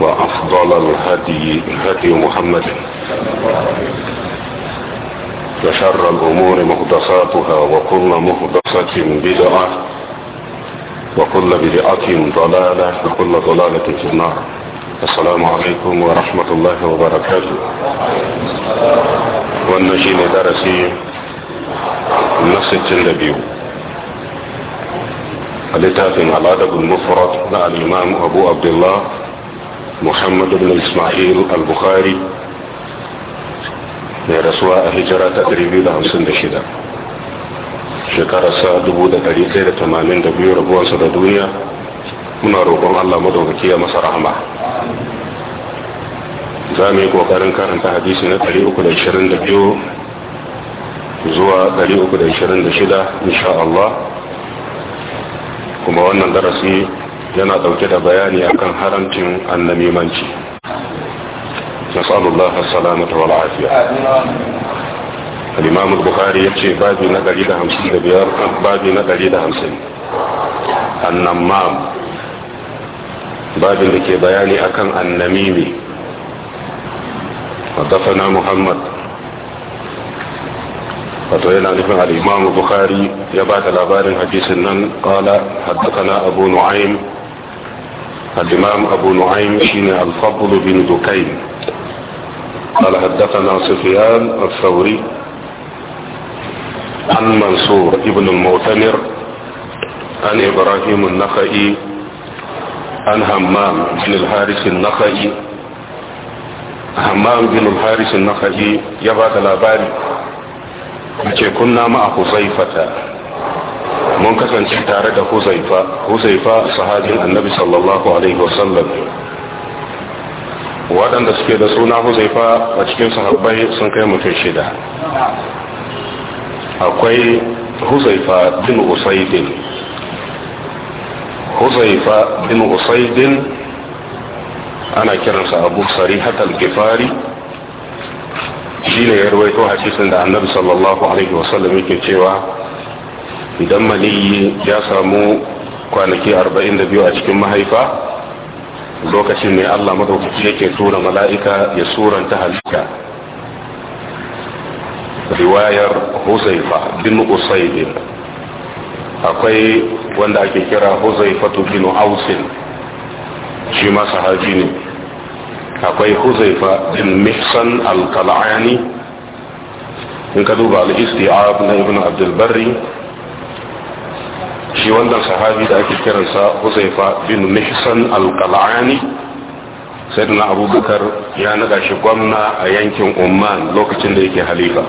وأفضل الهدي هدي محمد وشر الأمور مهدساتها وكل مهدسة بدعة وكل بدعة ضلالة وكل ضلالة في النار السلام عليكم ورحمة الله وبركاته والنجين درسي نسج النبي الاتاف الأدب المفرد مع الإمام أبو عبد الله محمد بن إسماعيل البخاري mai rasuwa a hijira ta 256 shekararsa 1182 rabuwansa da duniya muna roƙon allah madaukaki ya masa rahama za mu yi ƙoƙarin karanta hadisi na 322 zuwa 326 insha Allah kuma wannan darasi yana dauke da bayani akan haramcin annamimanci nasallallahu salamata wal afiya al-imam al-bukhari yace babi na 155 babi na 150 annamam babin da ke bayani akan annamimi nufin محمد وتوينا نفن الإمام البخاري يبعث الأبار حديث النن قال حدثنا Abu نعيم الإمام أبو نعيم شين الفضل بن دكين قال حدثنا سفيان الثوري عن منصور ابن المعتمر عن إبراهيم النخعي عن همام بن الحارث النخعي همام بن الحارث النخعي يبعث الأباري كنا مع حذيفة mun kasance tare da huzaifa huzaifa sahabin annabi sallallahu alaihi wasallam waɗanda suke da suna huzaifa a cikin sahabbai sun kai mutum shida akwai huzaifa bin usaidin huzaifa bin usaidin ana kiransa abu sarihat al-gifari shi ne ya rawaito hadisin da annabi sallallahu alaihi wasallam yake cewa idan maniyi ya samu kwanaki arba'in da biyu a cikin mahaifa lokacin ne allah madaukaki yake tura mala'ika ya suranta halitta riwayar huzaifa bin usaidin akwai wanda ake kira huzaifatu bin ausin shi ma sahabi ne akwai huzaifa bin mihsan al-kal'ani in ka duba al-isti'ab na ibn abdul shi wannan sahabi da ake kiransa huzaifa bin mihsan al-qal'ani sayyidina abubakar ya naga shi gwamna a yankin umman lokacin da yake halifa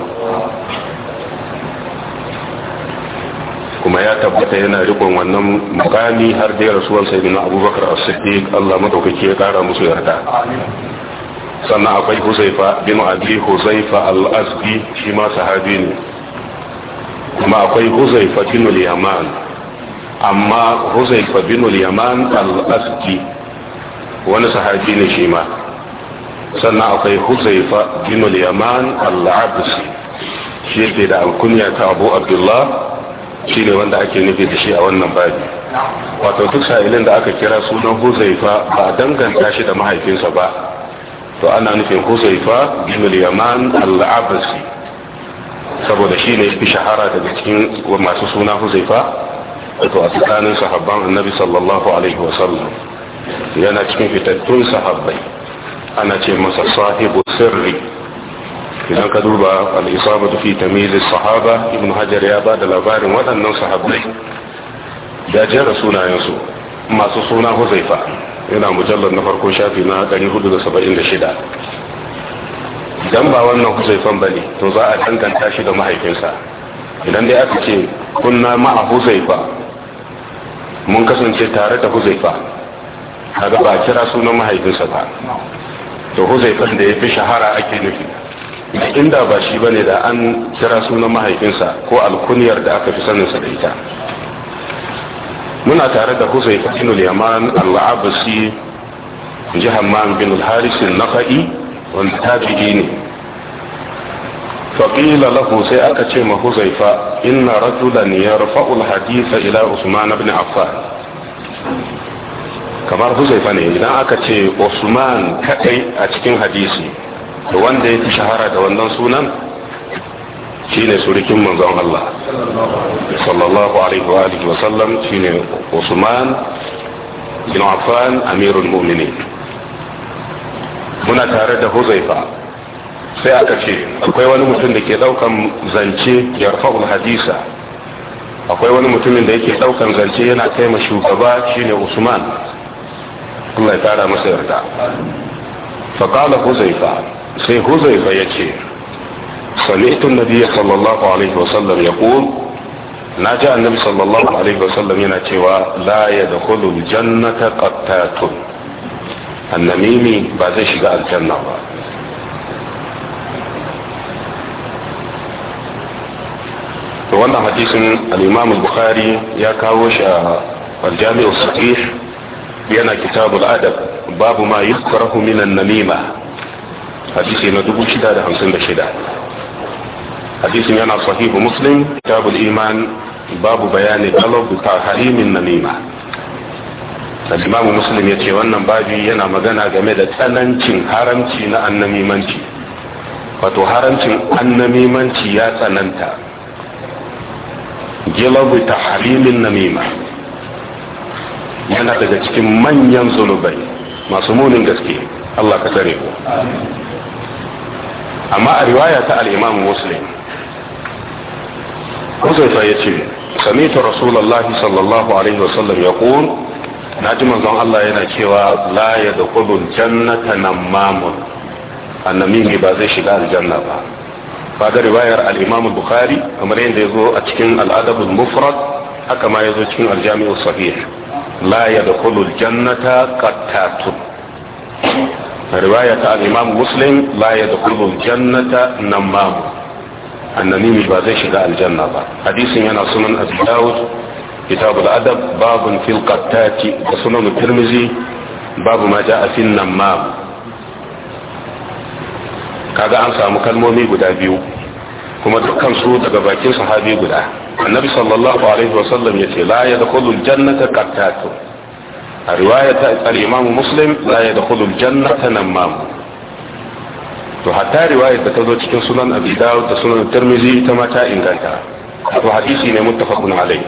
kuma ya tabbata yana rikon wannan makami har da rasuwan na abubakar a siddiq Allah madaukake ya kara musu yarda sannan akwai huzaifa bin abi huzaifa al-azdi shi ma sahabi ne kuma akwai huzaifa bin al-yaman amma huzaifa bin yaman al-asdi wani sahabi ne shi ma sannan akwai huzaifa bin yaman al shi ne da alkunya ta abu abdullah shi ne wanda ake nufi da shi a wannan babi wato duk sa'ilin da aka kira sunan huzaifa ba danganta shi da mahaifinsa ba to ana nufin huzaifa bin yaman al saboda shi ne fi shahara daga cikin masu suna huzaifa wato a tsakanin sahabban annabi sallallahu alaihi wasallam yana cikin fitattun sahabbai ana ce masa sahibu sirri idan ka duba al'isaba fi tamizis sahaba ibn hajar ya ba da labarin waɗannan sahabbai da jera sunayensu masu suna huzaifa yana mujallar na farko shafi na 476 idan ba wannan huzaifan ba ne to za a danganta shi da mahaifinsa idan dai aka ce kunna a huzaifa mun kasance tare da huzaifa kaga ba a kira sunan mahaifinsa ba to huzaifan da ya fi shahara ake nufi inda ba shi bane da an kira sunan mahaifinsa ko alkuniyar da aka fi saninsa da ita muna tare da huzaifa bin yaman al-abasi jihar man bin al-harisin nafa'i wanda tabi'i ne faƙila lahu sai aka ce ma huzaifa inna rajulan yarfa'ul hadisa ila usman ibn affan kamar huzaifa ne idan aka ce usman kadai a cikin hadisi da wanda ya fi shahara da wannan sunan shine surikin manzon Allah sallallahu alaihi wa alihi wa sallam shine usman bin affan amirul mu'minin muna tare da huzaifa sai aka ce akwai wani mutum da ke daukan zance ya rafa'ul hadisa akwai wani mutumin da yake daukan zance yana kai ma shugaba shine usman Allah ya tara masa yarda faqala huzaifa sai huzaifa yace sami'tu an-nabiy sallallahu alaihi wasallam yaqul na ji annabi sallallahu alaihi wasallam yana cewa la yadkhulu al-jannata qattatun annamimi ba zai shiga aljanna ba to wannan hadisin al-imam bukhari ya kawo shi a al-jami' sahih yana kitabul adab babu ma yukrahu min an-namima hadisi na 656 hadisin yana sahih muslim kitabul iman babu bayani talab tahrimin namima al-imam muslim yace wannan babi yana magana game da tsanancin haramci na annamimanci wato haramcin annamimanci ya tsananta gilabu ta halimin namima yana daga cikin manyan zunubai masu munin gaske Allah ka tare ku amma a riwaya ta al-imam muslim Huzaifa ya ce ta rasulullahi sallallahu alaihi wasallam ya na ji manzon Allah yana cewa la ya da jannata nan mamun annamimi ba zai shiga aljanna ba kaga riwayar al-Imam Bukhari kamar yadda ya zo a cikin al-Adab mufrad haka ma ya zo cikin al-Jami' sahih la yadkhulu al-jannata qattatun riwaya ta al'imam Muslim la yadkhulu al-jannata namam annani ba zai shiga aljanna ba hadisin yana sunan Abi Dawud kitab al-Adab babun fil qattati sunan Tirmidhi babu ma ja'a fi namam kaga an samu kalmomi guda biyu kuma dukkan su daga bakin sahabi guda annabi sallallahu alaihi wasallam yace la yadkhulu aljannata qattatun a riwaya ta al-imam muslim la yadkhulu aljannata namam to hatta riwaya ta zo cikin sunan abi dawud da sunan tirmidhi ita ma ta inganta to hadisi ne muttafaqun alaihi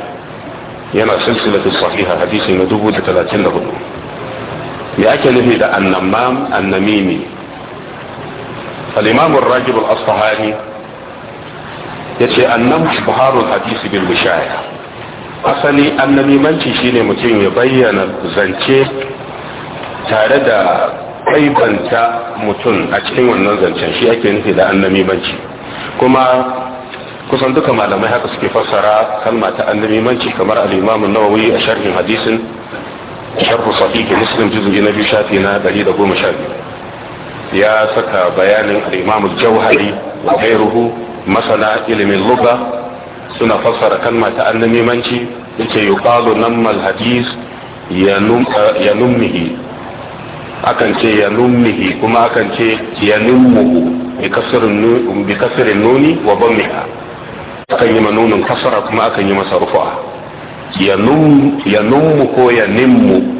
yana silsilatu sahiha hadisi na 1034 me ake nufi da annamam annamimi al-imam ar-rajib al-asfahani yace annabi subharul hadisi bil mushaya asali annamimanci shine mutum ya bayyana zance tare da kaibanta mutum a cikin wannan zancen shi ake nufi da annabimanci kuma kusan duka malamai haka suke fassara kalma ta annabimanci kamar al-imam an-nawawi a sharhin hadisin sharh sahih muslim juz'i na biyu shafi na 112 ya saka bayanin al-imam jauhari wa ghayruhu masana ilimin lugha suna fassara kalma ta annamimanci yace yuqalu nammal hadis ya eh, nummihi akan ce ya nummihi kuma akan ce ya nummuhu bi kasirin nuni wa bammiha akan yi manunin kasara kuma akan yi masa rufa ya nummu ko ya nimmu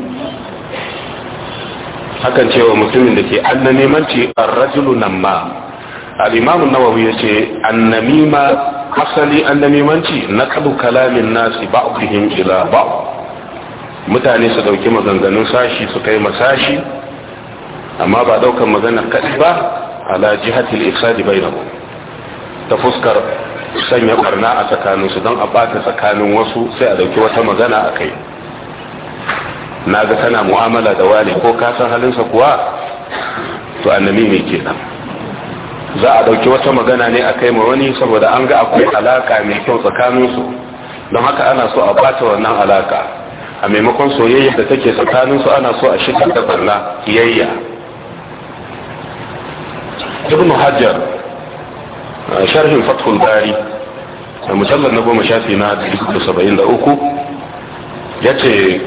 hakan cewa mutumin da ke annamimanci ar-rajulu namma al-imam an-nawawi yace annamima asali na naqdu kalamin nasi ba'dihim ila ba'd mutane su dauki maganganun sashi su kai masashi amma ba daukan magana kaɗi ba ala jihati al bai bainahum ta fuskar sanya barna a tsakaninsu don a bata tsakanin wasu sai a dauki wata magana a kai na ga tana mu'amala da wani ko ka san halinsa kuwa to annabi ke nan za a dauki wata magana ne a kai wani saboda an ga akwai alaka mai kyau tsakaninsu don haka ana so a bata wannan alaka a maimakon soyayya da take tsakaninsu ana so a shigar da barna kiyayya ibn hajjar sharhin fathul bari musallar na goma shafi na 73 ya ce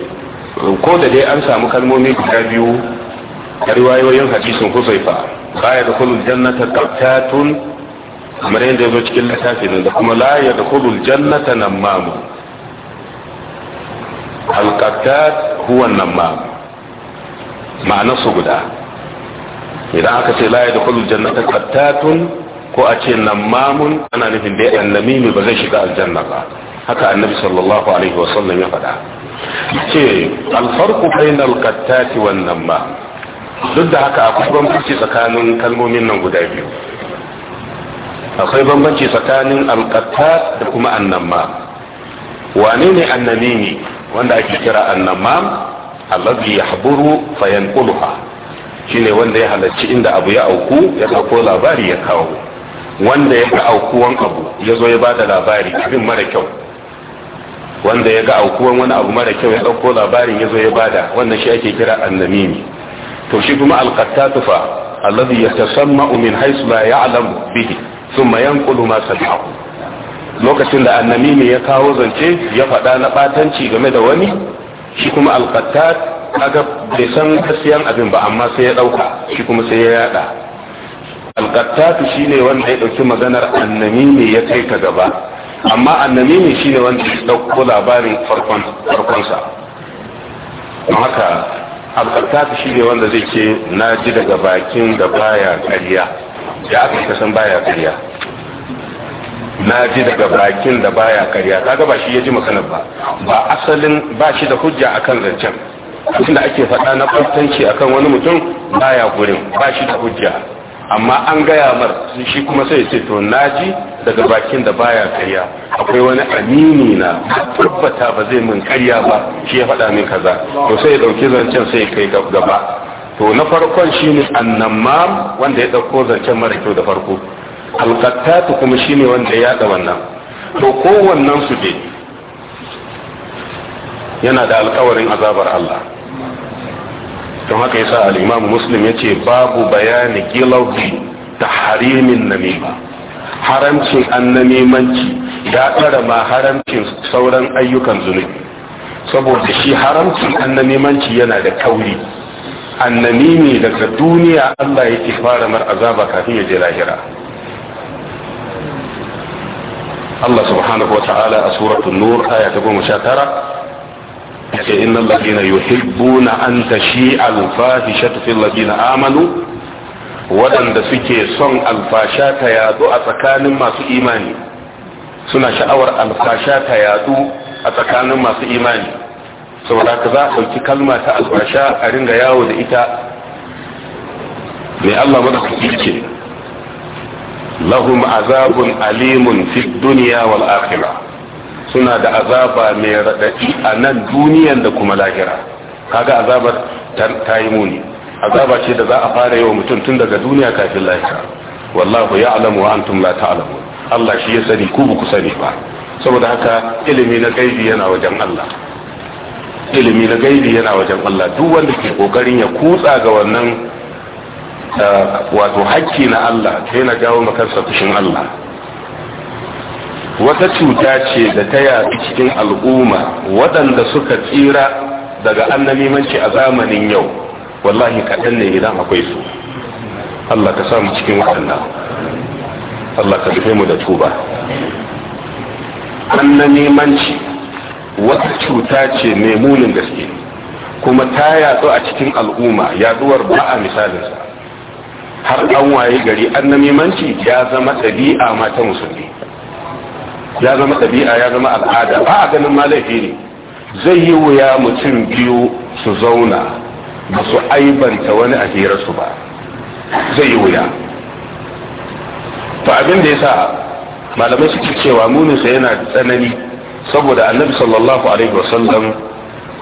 ko da dai an samu kalmomi guda biyu a riwayoyin hadisin huzaifa baya da kulul jannata qattatun kamar yadda yazo cikin littafin da kuma la ya da kulul jannata nammamu al-qattat huwa mamu ma'ana su guda idan aka ce la ya da kulul jannata qattatun ko a ce nammamun ana nufin dai annamimi ba zai shiga aljanna ba haka annabi sallallahu alaihi wasallam ya faɗa ce alfarku bainal qattati wan namma duk da haka akwai bambanci tsakanin kalmomin nan guda biyu akwai bambanci tsakanin alqattat da kuma annamma wane ne annamimi wanda ake kira annamma allazi yahburu fayanquluha shine wanda ya halarci inda abu ya auku ya dauko labari ya kawo wanda ya ga aukuwan abu ya zo ya bada labari abin mara kyau wanda ya ga aukuwan wani abu mara kyau ya ɗauko labarin ya zo ya bada wannan shi ake kira annamimi to shi kuma alqattatu fa alladhi yatasamma'u min haythu la ya'lamu bihi thumma yanqulu ma sami'ahu lokacin da annamimi ya kawo zance ya faɗa na batanci game da wani shi kuma alqattat kaga bai san gaskiyan abin ba amma sai ya ɗauka shi kuma sai ya yada alqattatu shine wanda ya ɗauki maganar annamimi ya kai ta gaba amma shi shine wanda ya dauko labarin farkon farkon sa don haka alkarta shi ne wanda zai ke na ji daga bakin da baya ƙarya ya aka ka san baya ƙarya na ji daga bakin da baya ƙarya kaga ba shi ya ji maganar ba ba asalin ba shi da hujja akan zancen da ake faɗa na kwantanci akan wani mutum baya gurin ba shi da hujja amma an gaya mar shi kuma sai ce to naji daga bakin da baya karya akwai wani amini na tabbata ba zai min karya ba shi ya faɗa min kaza to sai ya ɗauki zancen sai kai gaba to na farkon shine annamam wanda ya ɗauko zancen mara kyau da farko alqattatu kuma shine wanda ya yaɗa wannan to kowannen su dai yana da alƙawarin azabar Allah don haka yasa al-imamu muslim ce babu bayani gilauki ta harimin namima haramcin namimanci ya tsara ma haramcin sauran ayyukan zunubi saboda shi haramcin namimanci yana da kauri annamimi daga duniya Allah yake fara mar azaba kafin ya je lahira Allah subhanahu wa ta'ala a suratul nur aya ta 19 ce innal ladina yuhibbuna an tashi'a al-fahishatu fil ladina amanu waɗanda suke son alfasha ta yadu a tsakanin masu imani suna sha'awar alfasha ta yadu a tsakanin masu imani saboda ka za a ɗauki kalma ta alfasha a ringa yawo da ita mai Allah madaukaki ce lahum azabun alimun fi duniya wal akhirah suna da azaba mai raɗaɗi a nan duniyan da kuma lahira kaga azabar ta yi muni azaba ce da za a fara yi mutum tun daga duniya kafin lahira wallahu ya alamu wa antum la ta'lamu Allah shi ya sani ku ku sani ba saboda haka ilimi na gaibi yana wajen Allah ilimi na gaibi yana wajen Allah duk wanda ke kokarin ya kutsa ga wannan eh, wato hakki na Allah na jawo maka fushin Allah wata cuta ce da ta yaɗu cikin al'umma waɗanda suka tsira daga annamimanci a zamanin yau wallahi kaɗan ne idan akwai su Allah ka samu cikin waɗannan Allah ka rufe mu da tuba annamimanci wata cuta ce mai munin gaske kuma ta yaɗu a cikin al'umma yaɗuwar ba a misalinsa har an waye gari annamimanci ya zama ɗabi'a mata musulmi ya zama ɗabi'a ya zama al'ada ba a ganin ma laifi ne zai yi wuya mutum biyu su zauna ba su aibanta wani a hirarsu ba zai yi wuya to abin da ya sa malamai suke cewa muninsa yana da tsanani saboda annabi sallallahu alaihi wasallam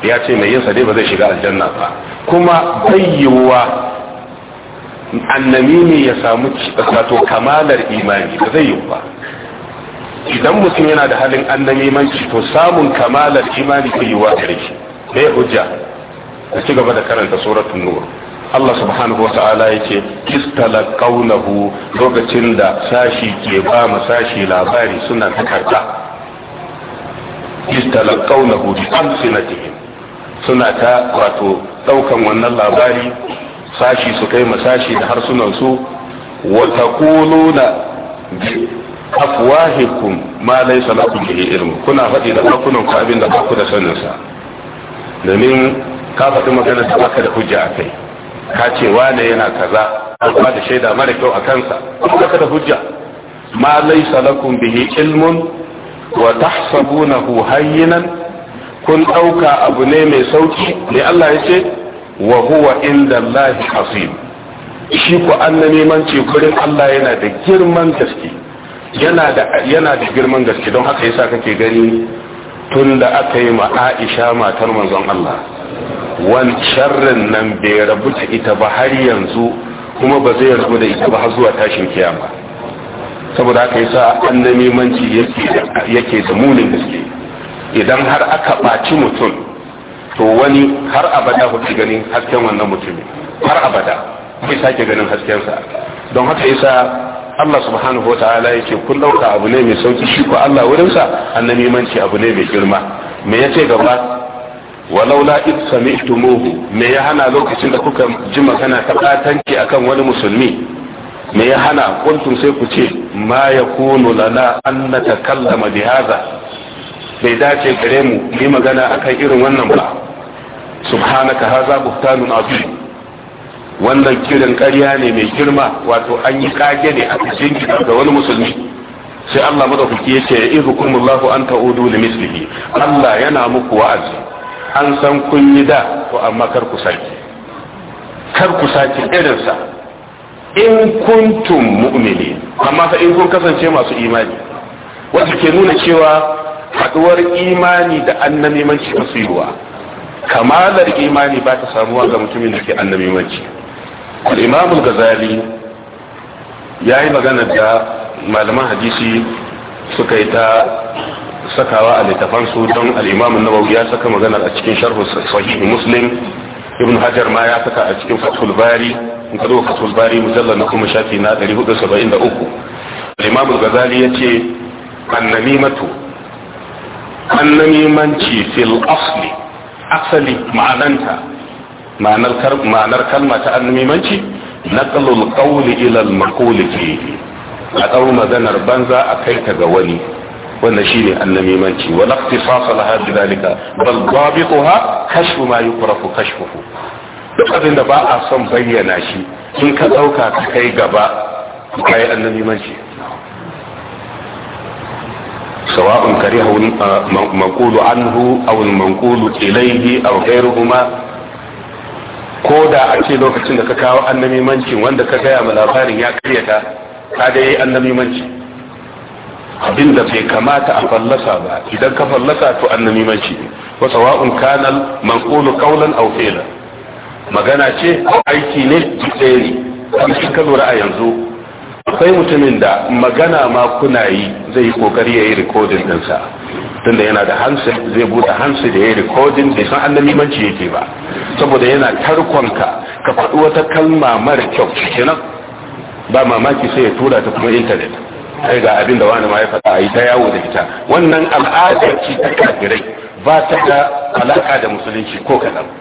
ya ce mai yinsa dai ba zai shiga aljanna ba kuma bayyuwa annami ne ya samu wato kamalar imani ba zai yi ba idan mutum yana da halin annamimanci to samun kamalar imani ke yiwa gare shi bai hujja a ci gaba da karanta suratul nur Allah subhanahu wa ta'ala yake kistala kaunahu lokacin da sashi ke ba ma sashi labari suna takarda kistala kaunahu bi amsinatihim suna ta wato daukan wannan labari sashi su kai ma sashi da harsunan su wa taquluna afwahikum ma laysa lakum bihi ilmu kuna faɗi da bakunan ku abin da ba ku da sanin sa domin ka faɗi magana da baka da hujja akai ka ce wane yana kaza an ba da shaida mara kyau a kansa kuma ka da hujja ma laysa lakum bihi ilmun wa tahsabunahu hayyinan kun ɗauka abu ne mai sauki ne Allah ya ce wa huwa inda Allah shi ku an manci gurin Allah yana da girman gaske yana da girman gaske don haka yasa kake gani tun da aka yi ma Aisha matar manzon Allah wan sharrin nan bai rabu ta ita ba har yanzu kuma ba zai rabu da ita ba har zuwa tashin kiyama saboda haka yasa annabi manci yake yake da munin gaske idan har aka baci mutum to wani har abada kuke ganin hasken wannan mutumin har abada bai sake ganin haskensa don haka yasa Allah subhanahu wataala yake kun ka abu ne mai sauki shi ko Allah wurinsa annabi manci abu ne mai girma me yace gaba walaula id sami'tumuhu me ya hana lokacin da kuka ji magana ta katanci akan wani musulmi me ya hana kuntum sai ku ce ma yakunu lana an natakallama bi bai dace gare mu yi magana akan irin wannan ba subhanaka hadha buhtanun azim wannan kirin ƙarya ne mai girma wato an yi kage ne aka jingina ga wani musulmi sai Allah madaukaki yace ihukumullahu an ta'udu li mislihi Allah yana muku wa'azi an san kun yi da ko amma kar ku sake kar ku sake irin sa in kuntum mu'minin amma fa in kun kasance masu imani wanda ke nuna cewa haduwar imani da annabi manci kasuwa kamalar imani ba ta samuwa ga mutumin da ke annabi manci al-imam al-ghazali magana da malaman hadisi suka yi ta sakawa a littafan su don al-imam an-nawawi ya saka magana a cikin sharh sahih muslim ibn hajar ma ya saka a cikin fathul bari in ka zo fathul bari mujallal na kuma shafi na 473 al-imam al-ghazali yace annamimatu annamimanci fil asli asali ma'ananta ma'anar kalma ta annumimanci naqlul qawli ila al-maqul fi a dau maganar banza a kai ta ga wani wannan shine annumimanci wa laqtisas laha bidalika bal dabituha kashu ma yi yukrafu kashfuhu duk abin da ba a son bayyana shi in ka ɗauka ta kai gaba kai annumimanci سواء كرهه المنقول عنه أو المنقول إليه أو غيرهما ko da a ce lokacin da ka kawo annamimancin wanda ka gaya ma labarin ya karyata ka da yi annamimanci abin da bai kamata a fallasa ba idan ka fallasa to annamimanci ne wa sawa'un kanal manqulu qawlan aw fi'lan magana ce aiki ne duk tsere, ne ka lura a yanzu akwai mutumin da magana ma kuna yi zai yi kokari ya yi rikodin dinsa tunda yana da hansu zai bude hansu da ya yi rikodin bai san manci yake ba saboda yana tarkonka ka faɗi wata kalma mara kyau kenan ba mamaki sai ya tura ta kuma intanet sai ga abin da wani ma ya faɗa a yi ta yawo da ita wannan al'adar ci ta kafirai ba ta da alaka da musulunci ko kaɗan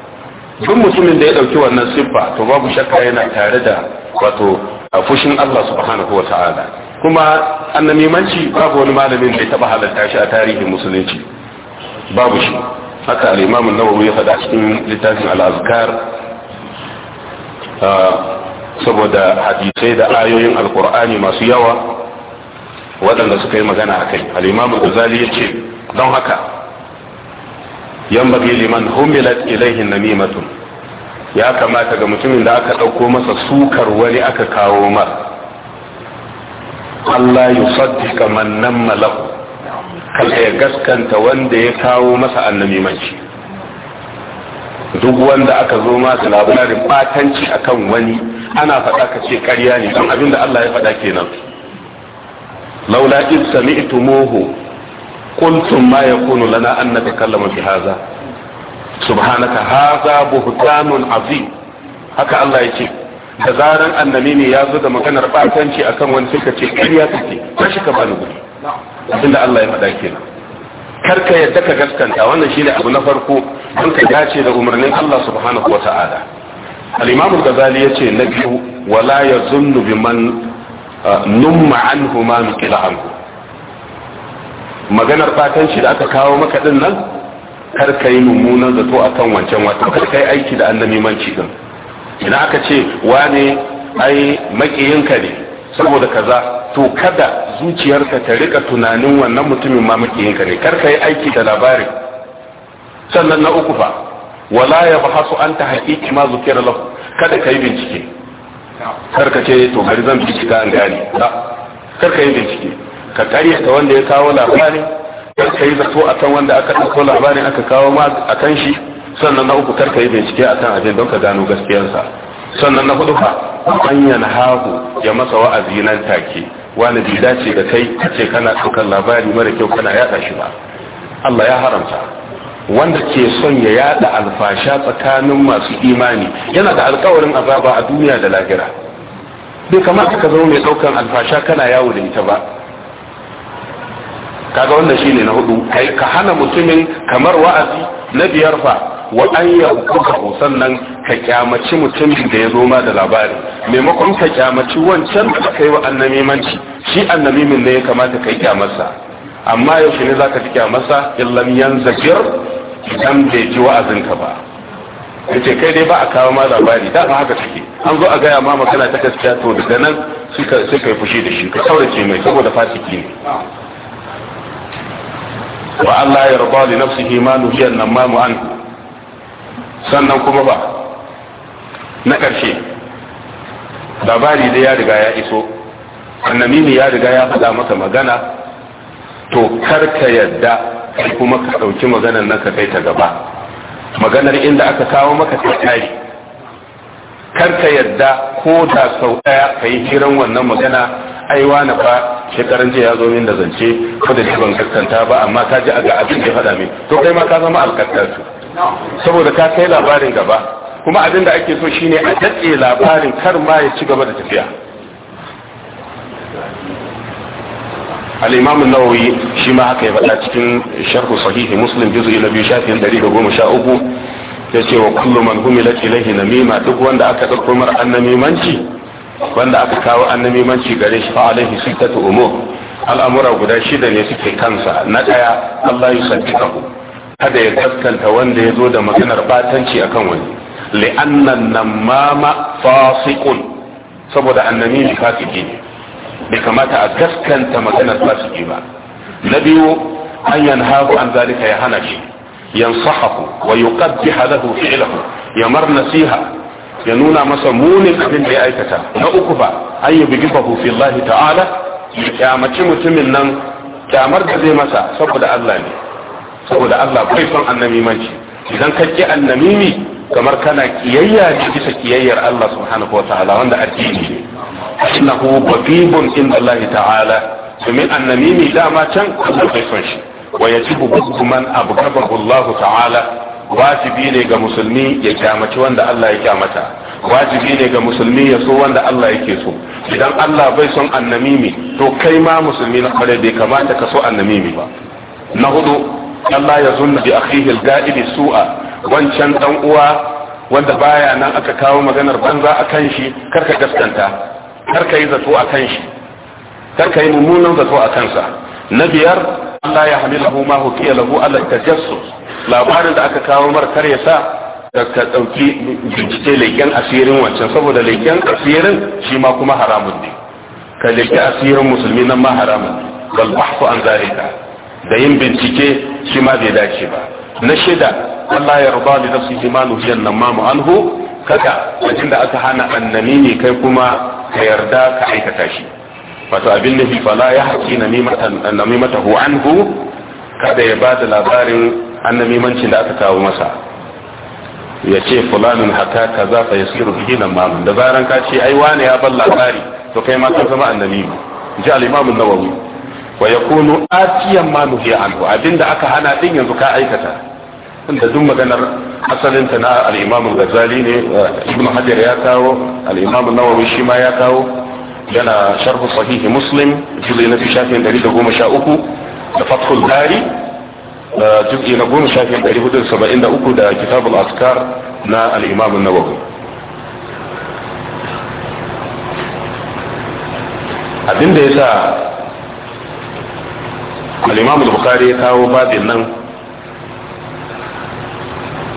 duk mutumin da ya dauki wannan siffa to babu shakka yana tare da wato fushin Allah subhanahu wa ta'ala kuma annamimanci babu wani malamin da ya taba halarta shi a tarihin musulunci babu shi haka al-imam an-nawawi ya faɗa cikin littafin al-azkar ah, saboda hadisai da ayoyin alkur'ani masu yawa waɗanda suka yi magana a kai al-imam al-ghazali yace don haka yanbaghi liman humilat ilayhi namimatun ya kamata ga mutumin da aka ɗauko masa sukar wani aka kawo mar Allah yusaddiqa man namma lahu kada ya gaskanta wanda ya kawo masa annamimanci duk wanda aka zo masa labarin batanci akan wani ana faɗa ka ce ƙarya ne don abin da Allah ya faɗa kenan laula in sami'tumuhu qultum ma yakunu lana an natakallama bi hadha subhanaka hadha buhtanun azim haka Allah yake da zaran annabi ne ya zo da maganar batanci akan wani suka ce kariya take kashi ka bani guri abinda Allah ya faɗa kenan kar ka yadda ka gaskanta wannan shine abu na farko don ka da umarnin Allah subhanahu wata'ala al-imam al-ghazali na biyu wala yazunnu biman ah, numma anhu ma nuqila anhu maganar shi da aka kawo maka din nan kar ka yi mummunan zato akan wancan wato kar ka yi aiki da manci din idan aka ce wane ai ka ne saboda kaza to kada zuciyarka ta rika tunanin wannan mutumin ma ka ne kar ka yi aiki da labarin sannan na uku fa wala ya bahasu an ta haƙiƙi ma zukira lahu kada ka yi bincike kar ka ce to bari zan bincika an gane kar ka yi bincike ka karyata wanda ya kawo labarin kar ka yi zato a kan wanda aka ɗauko labarin aka kawo ma a kan shi sannan na uku kar ka yi bincike a kan abin don ka gano gaskiyarsa sannan na hudu fa hanyar hahu ya masa wa'azi nan take wani bai dace da kai a ce kana ɗaukar labari mara kyau kana yaɗa shi ba Allah ya haramta wanda ke son ya yada alfasha tsakanin masu imani yana da alkawarin azaba a duniya da lahira bai kamata ka zama mai ɗaukan alfasha kana yawo da ita ba kaga wannan shine na hudu kai ka hana mutumin kamar wa'azi na biyar fa wa an yankuka sannan ka kyamaci mutumin da ya zo ma da labari maimakon ka kyamaci wancan da kai yi wa annamimanci shi annamimin ne ya kamata ka yi kyamarsa amma yaushe ne zaka ji kyamarsa illam yanzakir idan bai ji wa'azinka ba yace kai dai ba a kawo ma labari da haka take an zo a gaya ma magana ta gaskiya to daga nan suka suka fushi da shi ka saurace mai saboda fasiki ne wa Allah ya raba li nafsihi ma nuhiyan nan ma mu'an sannan kuma ba na ƙarshe labari da ya riga ya iso ne ya riga ya faɗa masa magana to kar ka yadda kai kuma ka ɗauki maganar nan ka kai ta gaba maganar inda aka kawo maka ta kare kar ka yadda ko da sau ɗaya ka yi kiran wannan magana ai wani fa shekaran jiya ya zo min da zance ko da ban kaskanta ba amma ka ji ga abin da faɗa min to kai ma ka zama su saboda ka kai labarin gaba kuma abin da ake so shine a daɗe labarin kar ma ya ci gaba da tafiya al-imam an-nawawi shi ma haka ya faɗa cikin sharh sahihi muslim juz'i na biyu shafin 113 yace wa kullu man humilat ilayhi namima duk wanda aka dauko mar annamimanci wanda aka kawo mimanci gare shi fa alaihi sittatu umur al'amura guda shida ne suke kansa na ɗaya. Allah ya saddiqahu kada ya gaskanta wanda ya zo da maganar batanci akan wani li'annan namama fasikun. saboda annabi fasiki ne bai kamata a gaskanta maganar fasiki ba na biyu an hagu an zalika ya hana shi yansahahu wa yuqaddiha lahu fi'lahu ya nasiha ya nuna masa munin abin da ya aikata na uku ba an yi bugi fa fi Allah ta'ala ya kyamaci mutumin nan kyamar da zai masa saboda Allah ne saboda Allah bai son annabi manci idan ka ki annamimi kamar kana kiyayya ne bisa kiyayyar Allah subhanahu wa ta'ala wanda addini ne innahu babibun inda Allah ta'ala domin annamimi dama can Allah bai son shi wa yajibu man abghadahu Allah ta'ala wajibi ne ga musulmi ya kyamaci wanda Allah ya kyamata wajibi ne ga musulmi ya so wanda Allah yake so idan Allah bai son annamimi to kai ma musulmi na kware bai kamata ka so annamimi ba na hudu Allah ya zunna bi akhihi al su'a wancan dan uwa wanda baya nan aka kawo maganar banza akan shi karka gaskanta karka yi zato akan shi karka yi mummunan zato akan sa na biyar Allah ya hamilahu ma hukiya lahu Allah tajassus labarin da aka kawo mar kar ya sa ka ɗauki bincike leƙen asirin wancan saboda leƙen asirin shi ma kuma haramun ne ka leƙi asirin musulmi nan ma haramun ne bal bahfu an zalika da yin bincike shi ma bai dace ba na shida Allah ya ruba li nafsi ma nuhiyan nan ma mu anhu kaga da aka hana annami ne kai kuma ka yarda ka aikata shi wato abin da fala ya haƙi namimatahu anhu kada ya ba da labarin annamimancin da aka kawo masa ya ce fulanin haka ka za ka yasiru bihi nan mamun da zaran ka ce ai wane ya ban labari to kai ma kan zama annamima ji al-imamu nawawi wa ya yakunu atiyan ma nuhi anhu da aka hana din yanzu ka aikata inda duk maganar asalin ta na al-imamu ghazali ne Ibn hajar ya kawo al-imamu nawawi shi ma ya kawo yana sharhu sahihi muslim juz'i na fi shafin 113 da fathul bari juz'i na goma shafin 473 da kitabul askar na al-imam an-nawawi abinda yasa al-imam al-bukhari ya kawo babin nan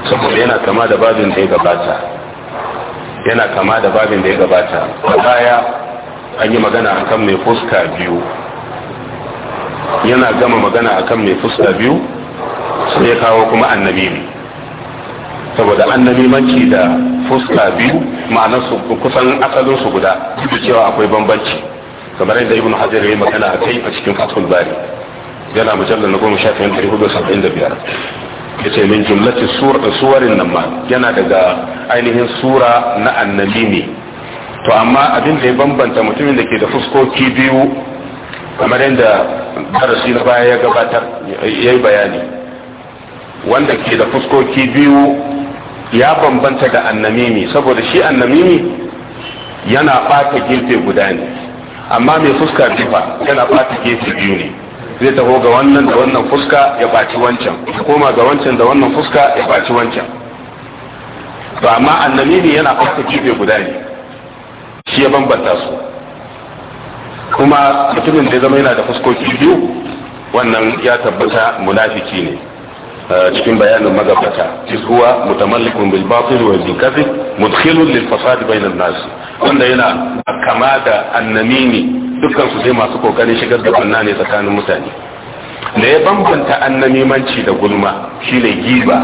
saboda yana kama da babin da ya gabata yana kama da babin da ya gabata a baya an yi magana akan mai fuska biyu yana gama magana akan mai fuska biyu sai ya kawo kuma annabi ne saboda annabi manci da fuska biyu ma'anar su kusan asalin su guda duk cewa akwai bambanci kamar yadda Ibn hajar ya magana a kai a cikin fatul bari yana mujallar na goma sha biyar ɗari hudu saba'in da biyar ya ce min jumlatin suwarin nan ma yana daga ainihin sura na annabi ne to amma abin da ya bambanta mutumin da ke da fuskoki biyu kamar yadda darasi na baya ya gabatar ya yi bayani wanda ke da fuskoki biyu ya bambanta da annamimi saboda shi annamimi yana ɓata gefe guda ne amma mai fuska bifa yana ɓata gefe biyu ne zai taho ga wannan da wannan fuska ya ɓaci wancan koma ga wancan da wannan fuska ya ɓaci wancan to amma annamimi yana ɓata gefe guda ne shi ya bambanta su kuma mutumin da zama yana da fuskoki biyu wannan ya tabbata munafiki ne cikin bayanin magabata is huwa mutamallikun bil batil wa bil kadhib mudkhilun lil fasad bayna nas wanda yana kama da annamini. dukkan su sai masu kokarin shigar da banna ne tsakanin mutane da ya bambanta annamimanci da gulma shine giba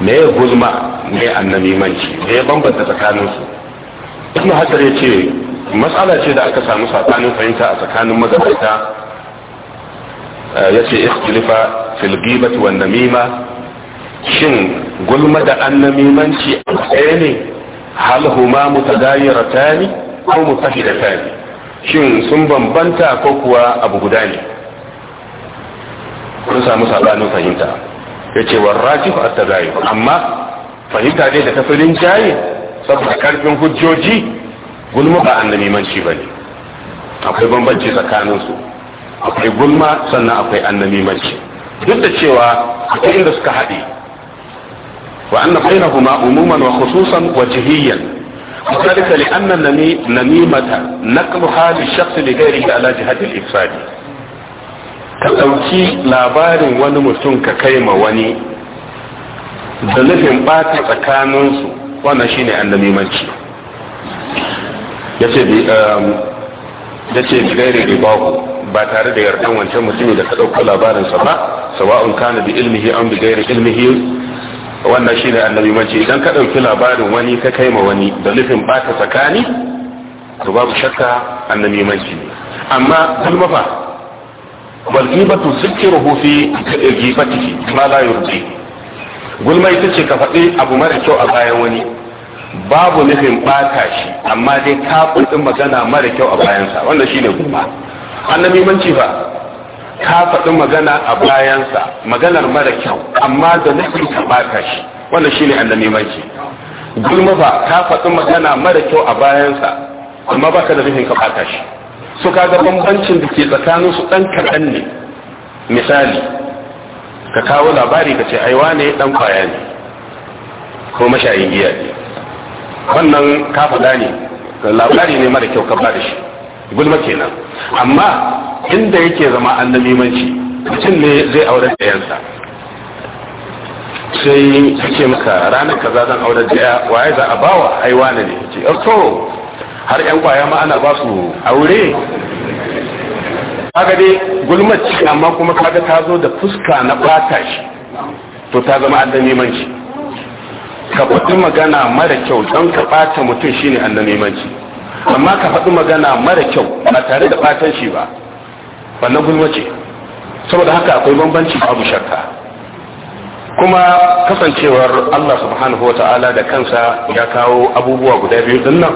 me ya gulma me annamimanci da ya bambanta tsakaninsu ibn hajar ya ce matsala ce da aka samu sabanin fahimta a tsakanin magabata ya ce ikhtilafa fil ghibati namima shin gulma da annamimanci a tsaye ne hal huma mutagayiratan ko mutahidatan shin sun bambanta ko kuwa abu guda ne kun samu sabanin fahimta ya ce warrajif a tagayur amma fahimta dai da tafi jaye saboda karfin hujjoji gulma ba annamimanci ba ne akwai bambanci tsakaninsu akwai gulma sannan akwai annamimanci duk da cewa akwai inda suka haɗe wa anna bainahuma umuman wa khususan wa jihiyyan وذلك لأن النميمة نقلها للشخص لغيره على جهة الإفساد تأوكي لابار ونمتن ككيم وني da nufin ɓata tsakaninsu wannan shine annamimanci yace bi um, yace bi gairi ribahu ba tare da yardan wancan mutumi da ka dauko labarin sa ba sawa'un kana bi ilmihi an bi gairi ilmihi wannan shine annamimanci idan ka dauki labarin wani ka kai ma wani da nufin ba ta tsakani to babu shakka ne. amma zulma fa wal ghibatu sikiruhu fi ghibatihi ma la yurdi gulma ita ce ka faɗi abu mara kyau a bayan wani babu nufin ɓata shi amma dai ka ɗin magana mara kyau a bayansa wanda ne gulma annabi manci ba ka faɗi magana a bayansa maganar mara kyau amma da nufin ka ɓata shi wanda ne annabi manci gulma ba ka faɗi magana mara kyau a bayansa amma ka da nufin ka ɓata shi su kaga bambancin da ke tsakanin su ɗan kaɗan ne misali ka kawo labari ka ce aiwa ne dan kwaya ne ko mashayin giya ne wannan ka faɗa ne labari ne mara kyau ka ba da shi gulma kenan amma inda yake zama annamimanci mutum ne zai aure da yansa sai suke maka ranar kaza zan aure da ya waye za a bawa aiwa ne ne ce oh, har yan kwaya ma ana ba su aure kaga dai gulmar ce amma kuma kaga ta zo da fuska na bata shi to ta zama neman shi ka faɗi magana mara kyau don ka ɓata mutum shine shi amma ka faɗi magana mara kyau ba tare da ɓatan shi ba wannan gulma ce saboda haka akwai bambanci babu shakka kuma kasancewar Allah subhanahu wata'ala da kansa ya kawo abubuwa guda biyu din nan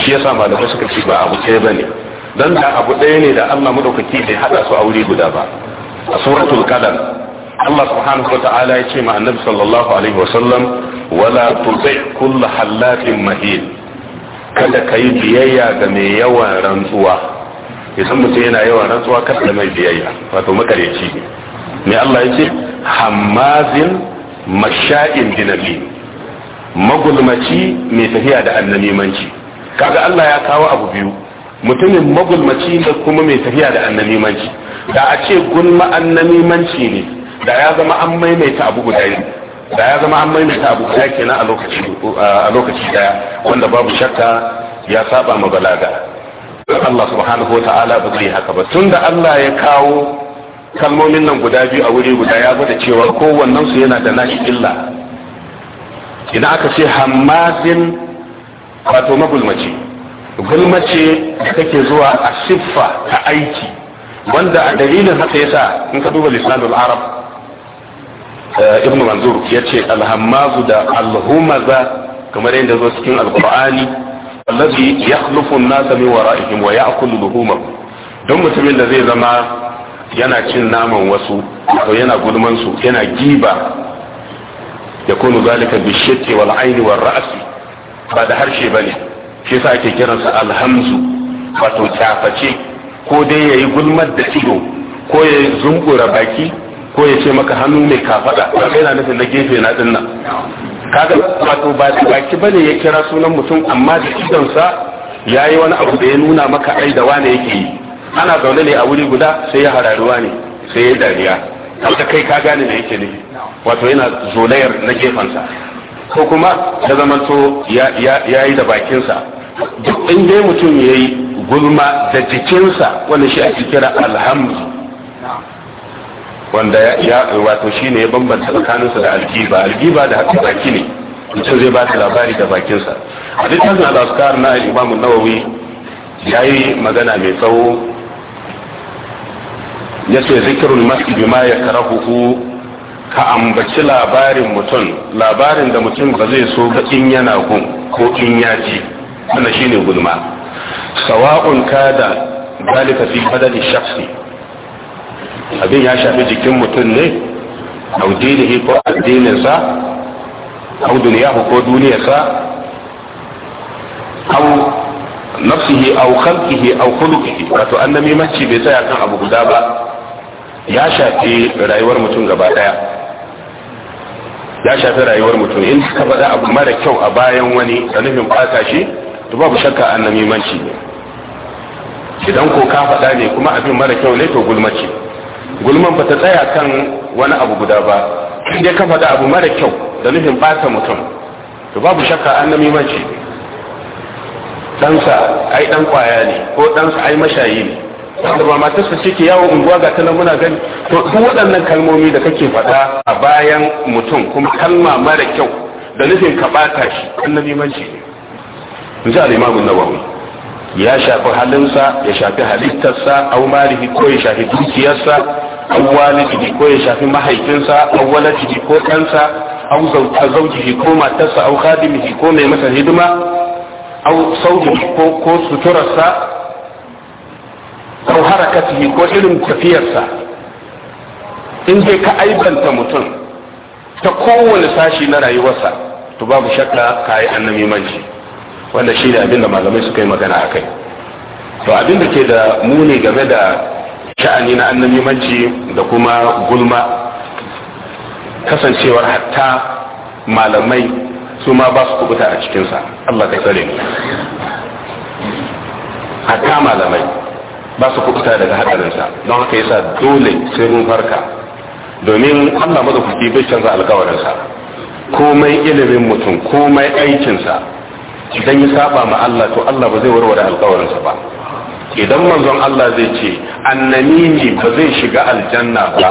shi yasa malamai suka ci ba abu ɗaya bane dan da abu ɗaya ne da Allah madaukaki bai hada su a wuri guda ba a suratul qadam Allah subhanahu wa ta'ala ya ce ma annabi sallallahu alaihi wa sallam wala tuti kullu halatin mahil kada kai biyayya ga mai yawan rantsuwa idan mutum yana yawan rantsuwa kada mai biyayya wato makareci ne Allah ya ce hammazin masha'in binabi magulmaci mai tafiya da annamimanci kaga Allah ya kawo abu biyu mutumin magulmaci ne kuma mai tafiya da annamimanci da a ce gulma annamimanci ne da ya zama an maimaita abu guda da ya zama an maimaita abu guda kenan a a lokaci daya wanda babu shakka ya saba ma balaga Allah subhanahu ta'ala ba zai haka ba Tun da Allah ya kawo kalmomin nan guda biyu a wuri guda ya gwada cewa kowannen su yana da nashi illa idan aka ce hamadin wato magulmaci gulma ce da take zuwa a siffa ta aiki wanda a dalilin haka yasa in ka duba lisanul arab eh, ibn manzur ya ce alhammazu da alhumaza kamar yadda zo cikin alqur'ani allazi yakhlufu an-nasa min wara'ihim wa ya'kulu luhumahum don mutumin da zai zama yana cin naman wasu ko yana gulman su yana giba yakunu zalika bishatti wal aini war ra'si ba da harshe bane shi yasa ake kiransa alhamzu wato kyaface ko dai ya yi gulmar da ido ko ya yi zumbura baki ko ya ce maka hannu mai kafada ba yana nufin na gefe na dinnan kaga wato ba baki bane ya kira sunan mutum amma da idonsa ya yi wani abu da ya nuna maka ai da wane yake yi ana zaune ne a wuri guda sai ya hararuwa ne sai ya dariya haka kai ka gane me yake ne wato yana zolayar na gefensa ko kuma ya zamanto ya yi da bakinsa duk in dai mutum ya yi gulma da jikinsa wanda shi ake kira alhamdu wanda ya wato shi ne ya bambanta tsakaninsa da algiba algiba da haka baki ne mutum zai ba ta labari da bakinsa a littafin al'askar na imam nawawi ya yi magana mai tsawo ya ce zikirul masu bima ya karahuhu ka ambaci labarin mutum labarin da mutum ba zai so ga in yana gun ko in ya ji wannan shine gulma sawa'un kada zalika fi badani shakhsi abin ya shafi jikin mutum ne audinihi ko addininsa au duniya ko duniyarsa au nafsihi au khalqihi au khuluqihi wato annabi mace bai tsaya kan abu guda ba ya shafi rayuwar mutum gaba daya ya shafi rayuwar mutum in suka faɗa abu mara kyau a bayan wani da nufin ɓata shi to babu shakka an namimanci ne idan ko ka faɗa ne kuma abin mara kyau ne to ce gulman ba ta tsaya kan wani abu guda ba in dai ka faɗa abu mara kyau da nufin ɓata mutum to babu shakka an namimanci ɗansa ai ɗan kwaya ne ko ɗansa ai mashayi ne wanda ba matarsa ce ke yawon unguwa ga tanan muna gani to duk waɗannan kalmomi da kake faɗa a bayan mutum kuma kalma mara kyau da nufin ka ɓata shi annabi neman ne in ji al'imamu nawawi ya shafi halinsa ya shafi halittarsa au malihi ko ya shafi dukiyarsa au walidi ko ya shafi mahaifinsa au walidi ko ɗansa au zaujihi ko matarsa au khadimihi ko mai masa hidima au saujihi ko suturarsa ko harakatihi ko irin tafiyarsa in dai ka aibanta mutum ta kowane sashi na rayuwarsa to babu shakka ka yi annabi manci wanda shi ne abinda malamai suka yi magana a kai to abinda ke da muni game da sha'ani na annabi manci da kuma gulma kasancewar hatta malamai su ma ba su kubuta a cikinsa Allah ka tsare hatta malamai ba su kubuta daga hadarinsa don haka yasa dole sai mun farka domin Allah madaukaki bai canza alkawarinsa komai ilimin mutum komai aikinsa idan ya saba ma Allah to Allah ba zai warware alkawarinsa ba idan manzon Allah zai ce ne ba zai shiga aljanna ba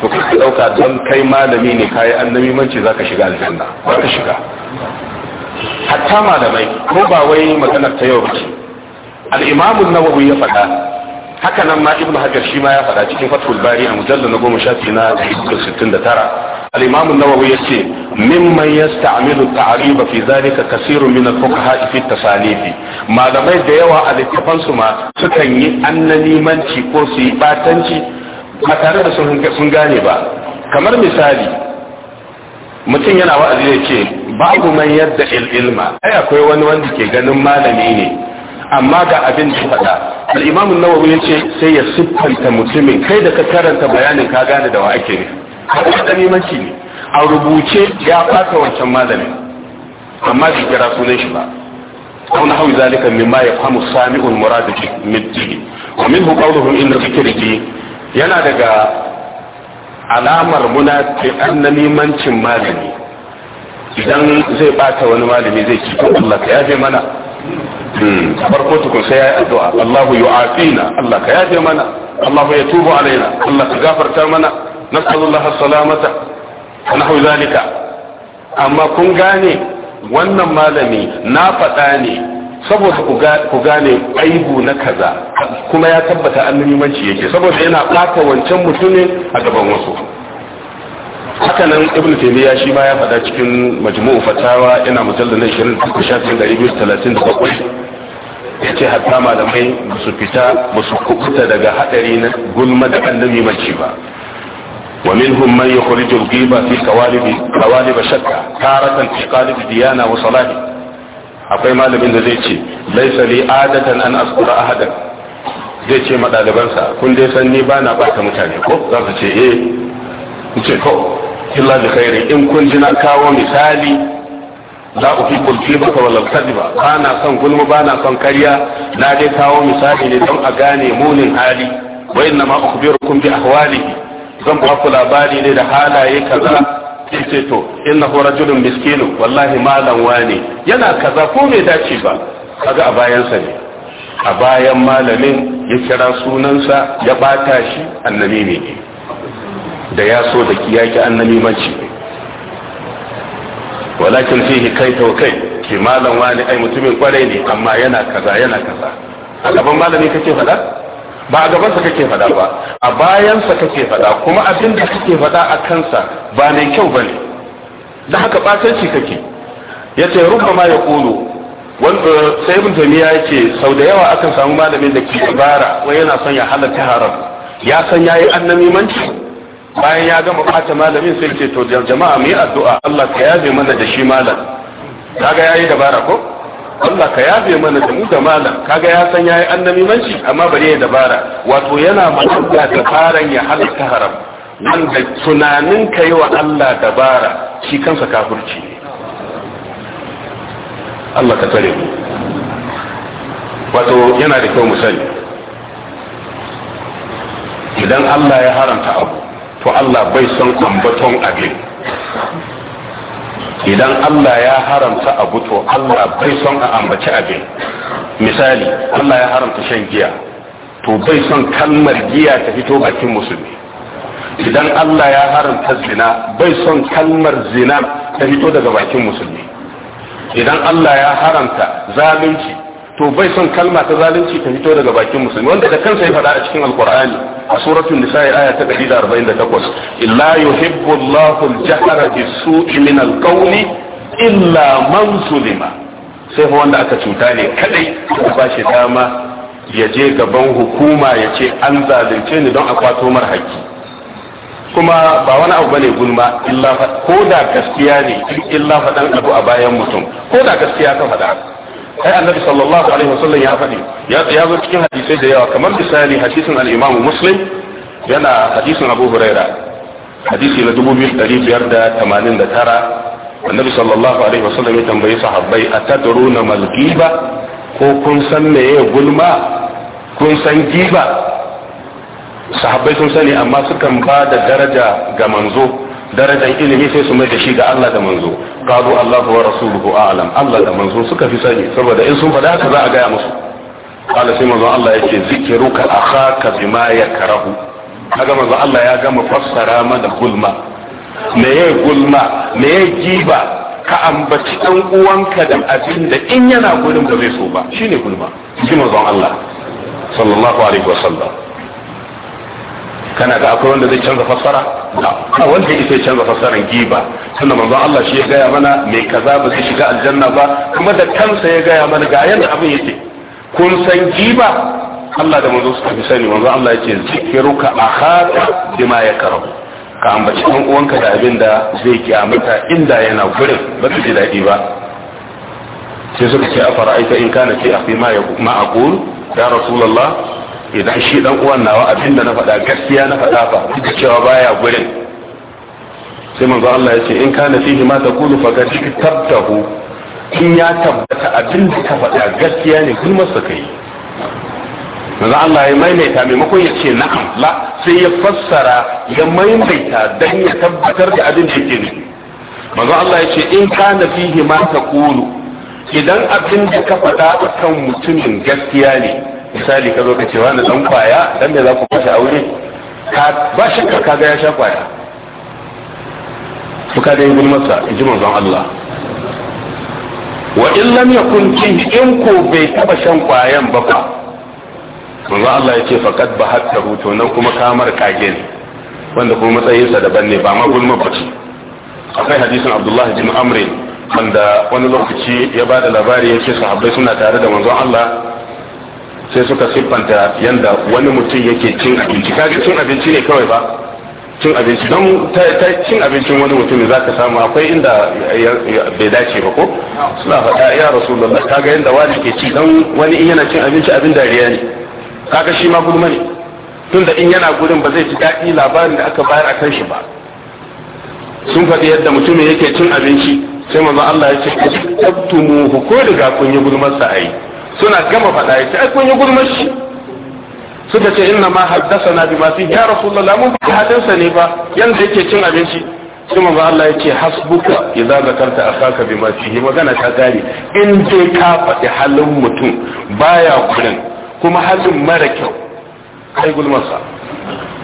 to ka ɗauka don kai malami ne kayi annamimanci ka shiga aljanna ba ka shiga hatta malamai ko ba wai maganar ta yau ba ce al nawawi ya faɗa haka nan ma ibnu hajar shi ma ya faɗa cikin fatul bari a mujallal na goma sha biyu na sittin da tara al-imam an-nawawi yace mimman yasta'milu at-ta'rib fi zalika kasirun min al-fuqaha fi tasanifi malamai da yawa a littafan su ma sukan yi annanimanci ko su yi batanci ba tare da sun gane ba kamar misali mutum yana wa'azi ya ce babu man yadda ilma ai akwai wani wanda ke ganin malami ne amma ga abin da faɗa al-imam ya ce sai ya siffanta mutumin kai da ka karanta bayanin ka gane da wa ake ne haka limanci ne a rubuce ya fata wancan malamin amma bai kira sunan shi ba أو نحو ذلك مما يفهم السامع المراد به ومنه قولهم إن ذكره yana daga alamar munafiƙan na limancin malami idan zai bata wani malami zai ci Allah ka yafe mana farko tukun sai ya yi addu'a Allahu yu'afina Allah ka yafe mana Allahu ya tubu alaina Allah ka gafarta mana nas'alullaha salamata na hau zalika amma kun gane wannan malami na faɗa ne saboda ku gane aibu na kaza kuma ya tabbata annabimanci yake saboda yana ɓata wancan mutumin a gaban wasu haka nan ibn taymiya shi ma ya faɗa cikin majmu'u fatawa yana mujallal na 23 shafin 237 yace hatta malamai ba su fita ba su kubuta daga hadari na gulma da annabi mace ba wa minhum man yukhriju al-ghiba fi qawalib qawalib shakka taratan fi qalib diyana wa salahi akwai malamin da zai ce laysa li adatan an asqura ahadan zai ce madalibansa kun dai san ni ba na bata mutane ko za su ce eh ce ko illa bi khairi in kun ji na kawo misali la kul kibaka ka wala ba na son gulma ba na son karya na dai kawo misali ne don a gane munin hali wa inna ma ukhbirukum bi ahwalihi zan ba ku labari ne da halaye kaza ce to inna hu rajulun miskinu wallahi malan wani yana kaza ko me dace ba kaga a bayansa ne a bayan malamin ya kira sunansa ya bata shi annabi ne da ya so da kiyaki annabi manci walakin fihi kai to kai ki malam wani ai mutumin kwarai ne amma yana kaza yana kaza a gaban malami kake faɗa ba a gabansa kake faɗa ba a bayansa kake faɗa kuma abin da kake faɗa a kansa ba mai kyau ba ne da haka ɓatanci kake ya ce rubba ma ya ƙulu eh, sai ibn tamiya ya ce sau da yawa akan samu malamin da ke ibara wai yana son ya halatta haram ya san yayi annamimanci bayan ya gama bata malamin sai ce to jama'a mu yi addu'a Allah ka yabe mana da shi malam kaga yayi dabara ko Allah ka yabe mana da mu da malam kaga ya san yayi annabi manci amma bari ya dabara wato yana magana da faran ya halatta haram wanda tunanin ka yi wa Allah dabara shi kansa kafirci ne Allah ka tare mu wato yana da kyau mu sani idan Allah ya haramta abu to Allah bai son ambaton abin idan Allah ya haramta abu to Allah bai son a ambaci abin misali Allah ya haramta shan giya to bai son kalmar giya ta fito bakin musulmi idan Allah ya haramta zina bai son kalmar zina ta fito daga bakin musulmi idan Allah ya haramta zalunci to bai son kalma ta zalunci ta fito daga bakin musulmi wanda da kansa ya faɗa a cikin alkur'ani a suratul nisa'i aya ta 148 illa yuhibbu Allahu al-jahra bis-su'i min al-qawli illa man zulima sai wanda aka cuta ne kadai aka ba shi dama ya je gaban hukuma ya ce an zalunce ni don a kwato mar haƙƙi kuma ba wani abu bane gulma illa ko da gaskiya ne illa faɗan abu a bayan mutum ko da gaskiya ka faɗa kai annabi sallallahu alaihi wasallam ya faɗi ya zo cikin hadisai da yawa kamar misali hadisin al-imamu muslim yana hadisin abu huraira hadisi na 2589 annabi sallallahu alaihi wasallam ya tambayi sahabbai atadruna mal giba ko kun san me ya gulma kun san giba sahabbai sun sani amma sukan ba da daraja ga manzo darajar ilimi sai su mai da shi ga Allah da manzo qalu Allah wa rasuluhu a'lam Allah da manzo suka fi sani saboda in sun faɗa haka za a gaya musu qala sai manzo Allah yake zikiruka akhaka bima yakrahu kaga manzo Allah ya gama fassara mana gulma me ya gulma me yayi giba ka ambaci dan uwanka da abin da in yana gurin da zai so ba shine gulma shi manzo Allah sallallahu alaihi wasallam kana ga akwai wanda zai canza fassara a wanda yake canza fassaran giba tunda manzo Allah shi ya gaya mana mai kaza ba zai shiga aljanna ba kuma da kansa ya gaya mana ga yanda abin yake kun san giba Allah da manzo suka fi sani manzo Allah yake zikiruka akhaka bima yakrahu ka ambaci dan uwanka da abin da zai kiyamata inda yana gurin ba su ji daɗi ba sai suka ce a aita in kana fi akhi ma aqul ya rasulullah idan shi dan uwan nawa abin da na faɗa gaskiya na faɗa fa duk da cewa baya gurin sai manzo Allah ya ce in kana fihi ma taqulu faqad tabtahu in ya tabbata abin da ka faɗa gaskiya ne gulmar sa kai manzo Allah ya maimaita maimakon ya ce na'am la sai ya fassara ya maimaita dan ya tabbatar da abin da yake ne manzo Allah ya ce in kana fihi ma taqulu idan abin da ka faɗa kan mutumin gaskiya ne misali ka zo ka ce wani dan kwaya dan da za ku kwashe aure ka ba shakka ka ga ya sha kwaya Su ka dai gulmarsa in ji manzon Allah wa in lam yakun kin in ko bai taba shan kwayan ba fa manzon Allah ya ce faqad bahatta to nan kuma kamar kage ne wanda kuma matsayinsa daban ne ba ma gulma ba ce akwai hadisin Abdullah bin Amr wanda wani lokaci ya ba da labari ya ce sahabbai suna tare da manzon Allah sai suka siffanta yanda wani mutum yake cin abinci kaga cin abinci ne kawai ba cin abinci don ta cin abincin wani mutum za ka samu akwai inda bai dace ba ko suna faɗa ya rasulullah kaga yanda wani ke ci don wani in yana cin abinci abin dariya ne kaga shi ma gulma ne tun da in yana gurin ba zai ji daɗi labarin da aka bayar a kan shi ba sun faɗi yadda mutum yake cin abinci sai manzo Allah ya ce ku tabtumu ko riga kun yi gulmar sa ai suna gama faɗa ya ce ai kun yi gulmar shi suka ce inna ma haddasa na bi masu ya rasulullah mun ba hadinsa ne ba yanda yake cin abinci sai manzo Allah ya ce hasbuka idza zakarta akhaka bi masu magana ta gari in dai ka faɗi halin mutum baya kurin kuma halin mara kyau kai gulmarsa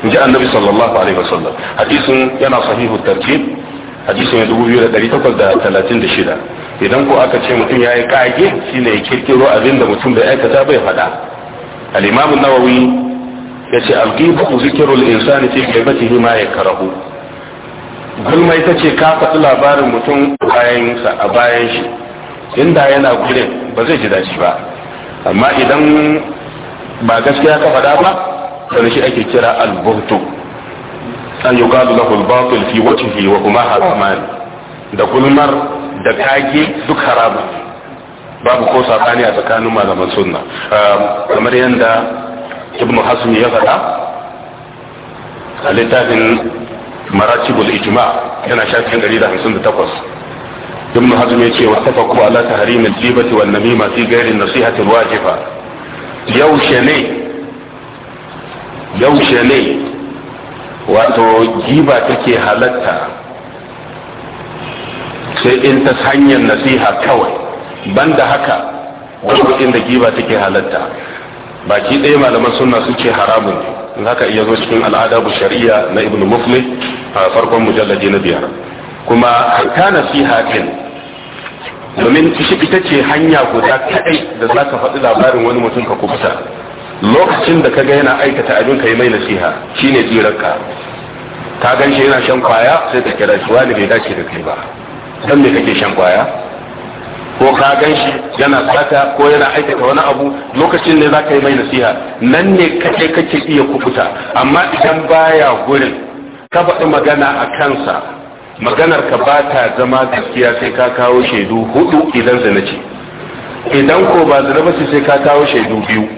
in ji annabi sallallahu alaihi wasallam hadisin yana sahihu tarjib hadisin 2836 idan ko aka ce mutum ya yi kage shine ya kirkiro abin da mutum bai aikata bai faɗa al-imam an-nawawi ce al qibu zikru al insan fi ghaibatihi ma yakrahu gulma ita ce ka faɗi labarin mutum bayan sa a bayan shi inda yana gure ba zai ji dashi ba amma idan ba gaskiya ka faɗa ba to shi ake kira al-buhtu an yuqalu lahu al-batil fi wajhihi wa huma hasaman da gulmar da kage duk haramun babu ko sabani a tsakanin malaman sunna kamar yadda ibnu hasan ya faɗa a littafin maratibul ijma yana shafin 158 ابن ta يتي واتفقوا على تحريم الجيبة والنميمة في غير النصيحة الواجبة يوشني يوشني wato giba take halatta sai in ta hanyar nasiha kawai banda haka babu inda giba take halatta baki ɗaya malaman sunna suke haramun in haka iya zo cikin bu shari'a na ibnu mufli a farkon mujallaji na biyar kuma hanka nasiha din domin ita ce hanya guda kaɗai da za ka faɗi labarin wani mutum ka kubuta lokacin da ka ga yana aikata abin ka yi mai nasiha shine tsirarka ka gan shi yana shan kwaya sai ka kira shi wani bai dace da kai ba don me kake shan kwaya ko ka gan shi yana sata ko yana aikata wani abu lokacin ne za ka yi mai nasiha nan ne kake kake iya kubuta amma idan baya gurin ka faɗi magana a kansa maganar ka ba ta zama gaskiya sai ka kawo shaidu hudu idan zina ce idan ko ba zina ba sai ka kawo shaidu biyu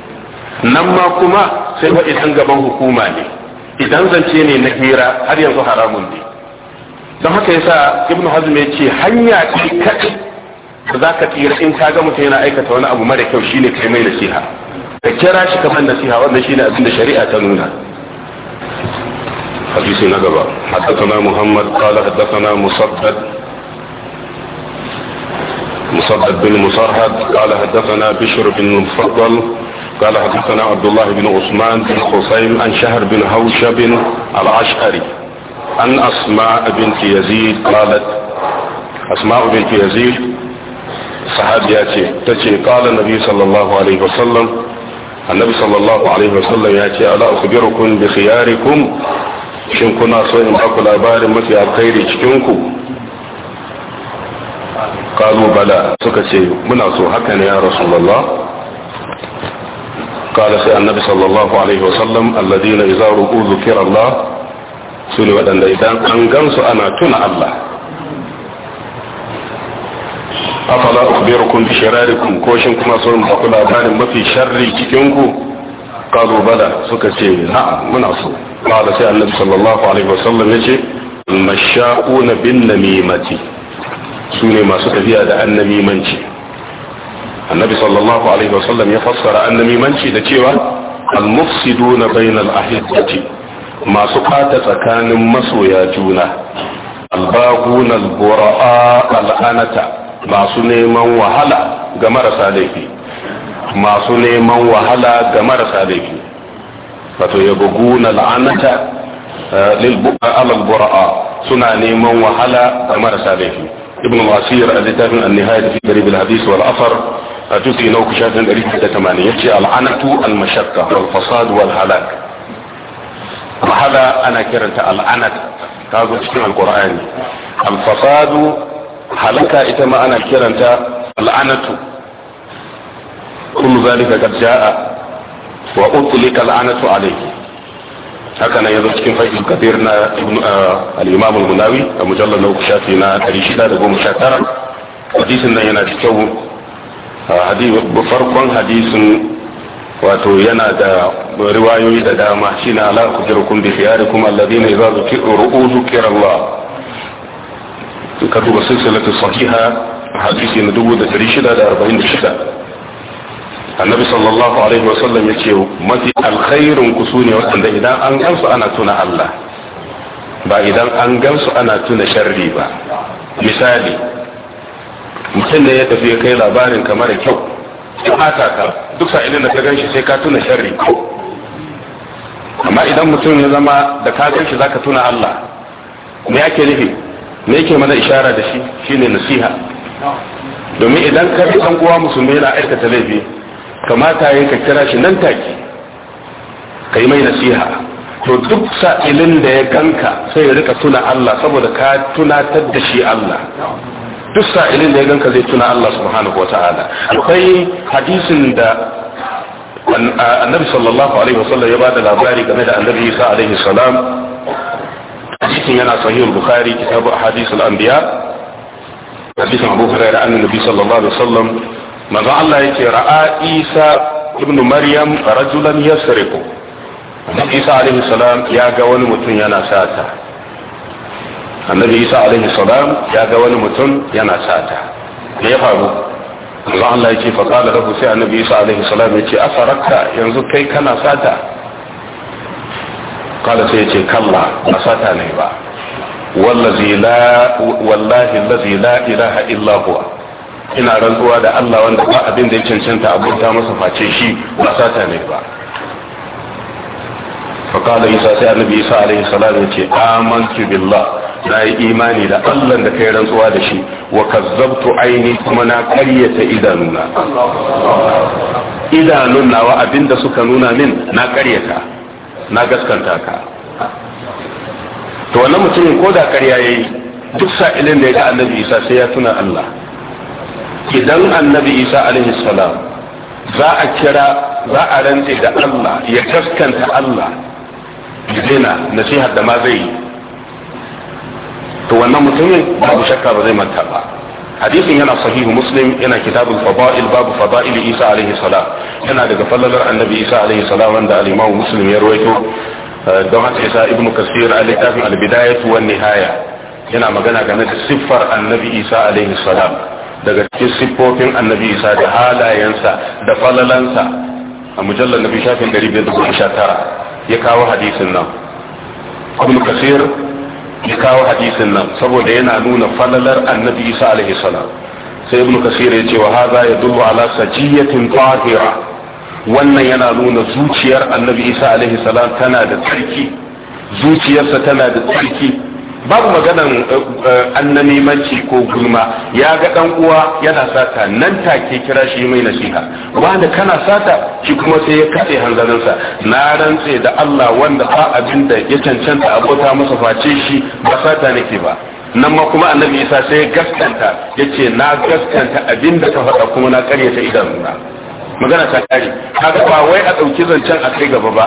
nan ma kuma sai ba idan gaban hukuma ne idan zance ne na hira har yanzu haramun ne don haka yasa ibn hazm ya ce hanya ce kaɗai da za ka tsira in ka ga mutum yana aikata wani abu mara kyau shine kai mai nasiha ka kira shi kamar nasiha wannan shine abin da shari'a ta nuna حديث نجبة حدثنا محمد قال حدثنا مصدد مصدد بن مصرهد قال حدثنا بشر بن المفضل قال حدثنا عبد الله بن عثمان بن حسين عن شهر بن هوشب العشقري an asma binti yazid qalat asma binti yazid sahabiya ce tace qala nabi sallallahu alaihi wasallam annabi sallallahu alaihi wasallam ya ce ala ukhbirukum bi khiyarikum shin kuna so in ba ku labarin mafi alkhairi cikin ku kalubala suka ce muna so haka ne ya rasulullah قال سي النبي صلى الله عليه وسلم الذين إذا رؤوا ذكر الله su ne waɗanda idan an gansu ana tuna Allah afala kun bi shirarikum ko shin kuma sun ba ku labarin mafi sharri cikin ku qalu bala suka ce na'am muna so qala sai annabi sallallahu alaihi wasallam yace mashauna bin namimati su ne masu tafiya da annamimanci annabi sallallahu alaihi wasallam ya fassara annamimanci da cewa al-mufsiduna bainal ahiddati masu kata tsakanin masoya juna albaguna albura'a al'anata masu neman wahala ga marasa laifi masu neman wahala ga marasa laifi wato ya bugun al'anata al'albura'a suna neman wahala ga marasa laifi ibn al-asir a littafin an fi garib al-hadith wal asar a tusi na uku shafin 180 yace al'anatu al-mashaqqa wal fasad wal halak wahala ana kiranta al'anat ta zo cikin alkur'ani alfasadu halaka ita ma ana kiranta al'anatu kullu zalika qad jaa wa utlika al'anatu alayhi haka nan yazo cikin faidul kadir na ah, al-imam al-munawi a mujallal na shafi na 619 hadisin yana kyau ah, farkon hadisin wato yana da riwayoyi da dama shi na ala kujirukum bi khiyarikum alladhina idza zukira Allah ka duba silsilatu sahiha hadisi na 1646 annabi sallallahu alaihi wa sallam ya ce mafi alkhairun ku sune wanda idan an gansu ana tuna Allah ba idan an gansu ana tuna sharri ba misali mutum da ya tafi ya kai labarin kamar kyau ya hata ka duk sa'ilin da ka gan sai ka tuna sharri amma idan mutum ya zama da ka gan shi zaka tuna Allah me yake nufi me yake mana ishara da shi shine nasiha domin idan ka bi an kowa musulmi yana aikata laifi kamata yayin ka kira shi nan take kai mai nasiha to duk sa'ilin da ya ganka sai ya rika tuna Allah saboda ka tunatar da shi Allah duk sa'ilin da ya ganka zai tuna Allah subhanahu wata'ala akwai hadisin da annabi sallallahu alaihi wa sallam ya bada labari game da annabi Isa alaihi salam Hadisin yana sahih al-bukhari kitab hadith al-anbiya hadisin Abu Hurairah annabi sallallahu alaihi wa sallam. manzo Allah yake ra'a Isa ibn Maryam rajulan yasriqu Isa alaihi salam ya ga wani mutum yana sata annabi isa alaihi salam ya ga wani mutum yana sata me ya faru Allah Allah yake fa qala lahu sai annabi isa alaihi salam yace afaraka yanzu kai kana sata qala sai yace kalla ba sata ne ba wallazi la wallahi allazi la ilaha illa huwa ina rantsuwa da Allah wanda ba abin da ya cancanta abota masa face shi ba sata ne ba faƙala isa sai annabi isa alaihi salam ya ce amantu billah na yi imani da allah da kai rantsuwa da shi wa kazzabtu aini kuma na karyata idanuna idanun nawa abinda suka nuna min na karyata na gaskanta ka to wannan mutumin ko da karya yayi duk sa'ilin da ya ga annabi isa sai ya tuna allah idan annabi isa alaihi salam za a kira za a rantse da allah ya gaskanta allah ya daina nasihar da ma zai yi to wannan mutumin babu shakka ba zai manta ba hadisin yana sahihu muslim yana kitabul fada'il babu fada'il isa alaihi salam yana daga fallalar annabi isa alaihi salam wanda al-imamu muslim ya rawaito eh, don haka isa ibn kasir a littafin al-bidayatu wan nihaya yana magana game da siffar annabi isa alaihi salam daga cikin siffofin annabi isa da halayensa da falalansa a mujallar nabi shafin 519 ya kawo hadisin nan abin kasir ya kawo hadisin nan saboda yana nuna falalar annabi isa alaihi salam sai ibn kasir ya ce wa hadha yadullu ala sajiyatin tahira wannan yana nuna zuciyar annabi isa alaihi salam tana da tsarki zuciyarsa tana da tsarki babu maganan eh, eh, annamimanci ko gulma ya ga dan uwa yana sata nan take kira shi mai nasiha wanda kana sata shi kuma sai ya katse hanzarinsa na rantse da Allah wanda ba abinda ya cancanta abota masa face shi ba sata nake ba nan ma kuma annabi isa sai ya gaskanta ya na gaskanta abinda da ka faɗa kuma na ta idanuna magana ta kare kaga ba wai a ɗauki zancen a kai gaba ba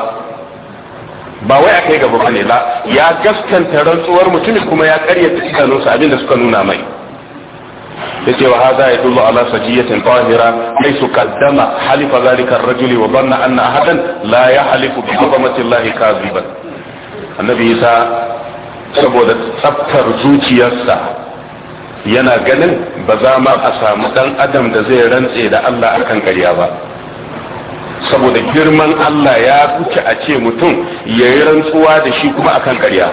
ba wai a kai gaba ne la ya gaskanta rantsuwar mutumin kuma ya karyata idanunsa abin da suka nuna mai yace wa hadha yadullu ala sajiyatin tahira haythu qaddama halifa zalika ar-rajuli wa dhanna anna ahadan la yahlifu bi azamati allahi kaziban annabi isa saboda tsaftar zuciyarsa yana ganin ba za ma a samu dan adam da zai rantse da Allah akan ƙarya ba saboda girman Allah ya wuce a ce mutum ya yi rantsuwa da shi kuma a kan ƙarya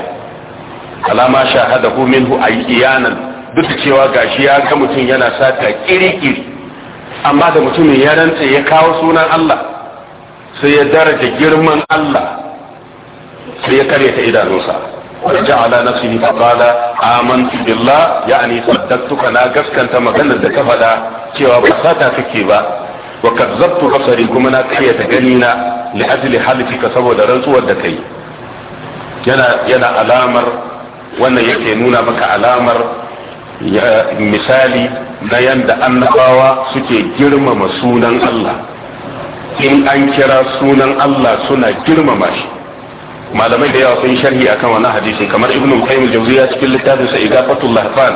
alama a minhu iyanan, duk da cewa gashi ya ga mutum yana sata kirikiri amma da mutumin ya rantse, ya kawo sunan Allah sai ya daraja girman Allah sai ya ta idanunsa Wani وجعل نفسه فقال aman billah ya'ani saddattuka na gaskanta maganar da ka faɗa cewa ba sata kake ba wa kazzabtu kuma na karyata gani na li ajli ka saboda rantsuwar da kai yana yana alamar wannan yake nuna maka alamar misali na yanda annabawa suke girmama sunan Allah in an kira sunan Allah suna girmama shi malamai da yawa sun sharhi akan wannan hadisi kamar ibnu qayyim al-jawziyya cikin littafin sa lahfan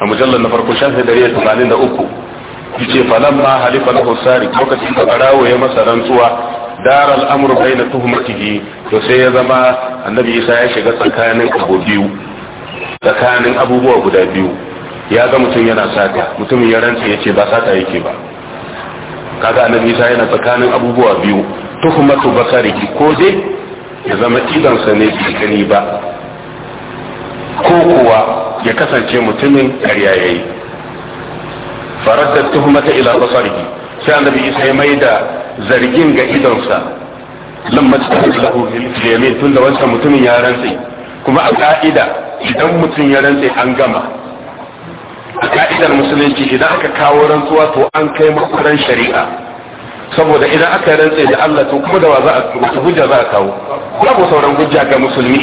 a mujallal na farko shafi 183 yace falamma halifa lahu sariq lokacin da barawo ya masa rantsuwa dar al'amru baina tuhmatihi to sai ya zama annabi Isa ya shiga tsakanin abu biyu tsakanin abubuwa guda biyu ya ga mutum yana sata mutumin ya rantsa yace ba sata yake ba kaga annabi Isa yana tsakanin abubuwa biyu tuhmatu basariki ko dai ya zama idansa ne gani ba ko kuwa ya kasance mutumin ƙarya yayi faradda tuhmata ila basarihi sai annabi isa ya mai da zargin ga idonsa lamma ta lahu fil yamin tun da wancan mutumin ya rantsi kuma a ka'ida idan mutum ya rantsi an gama a ka'idar musulunci idan aka kawo rantsuwa to an kai makuran shari'a saboda idan aka rantse da Allah to kuma da wa za a wata hujja za a kawo babu sauran hujja ga musulmi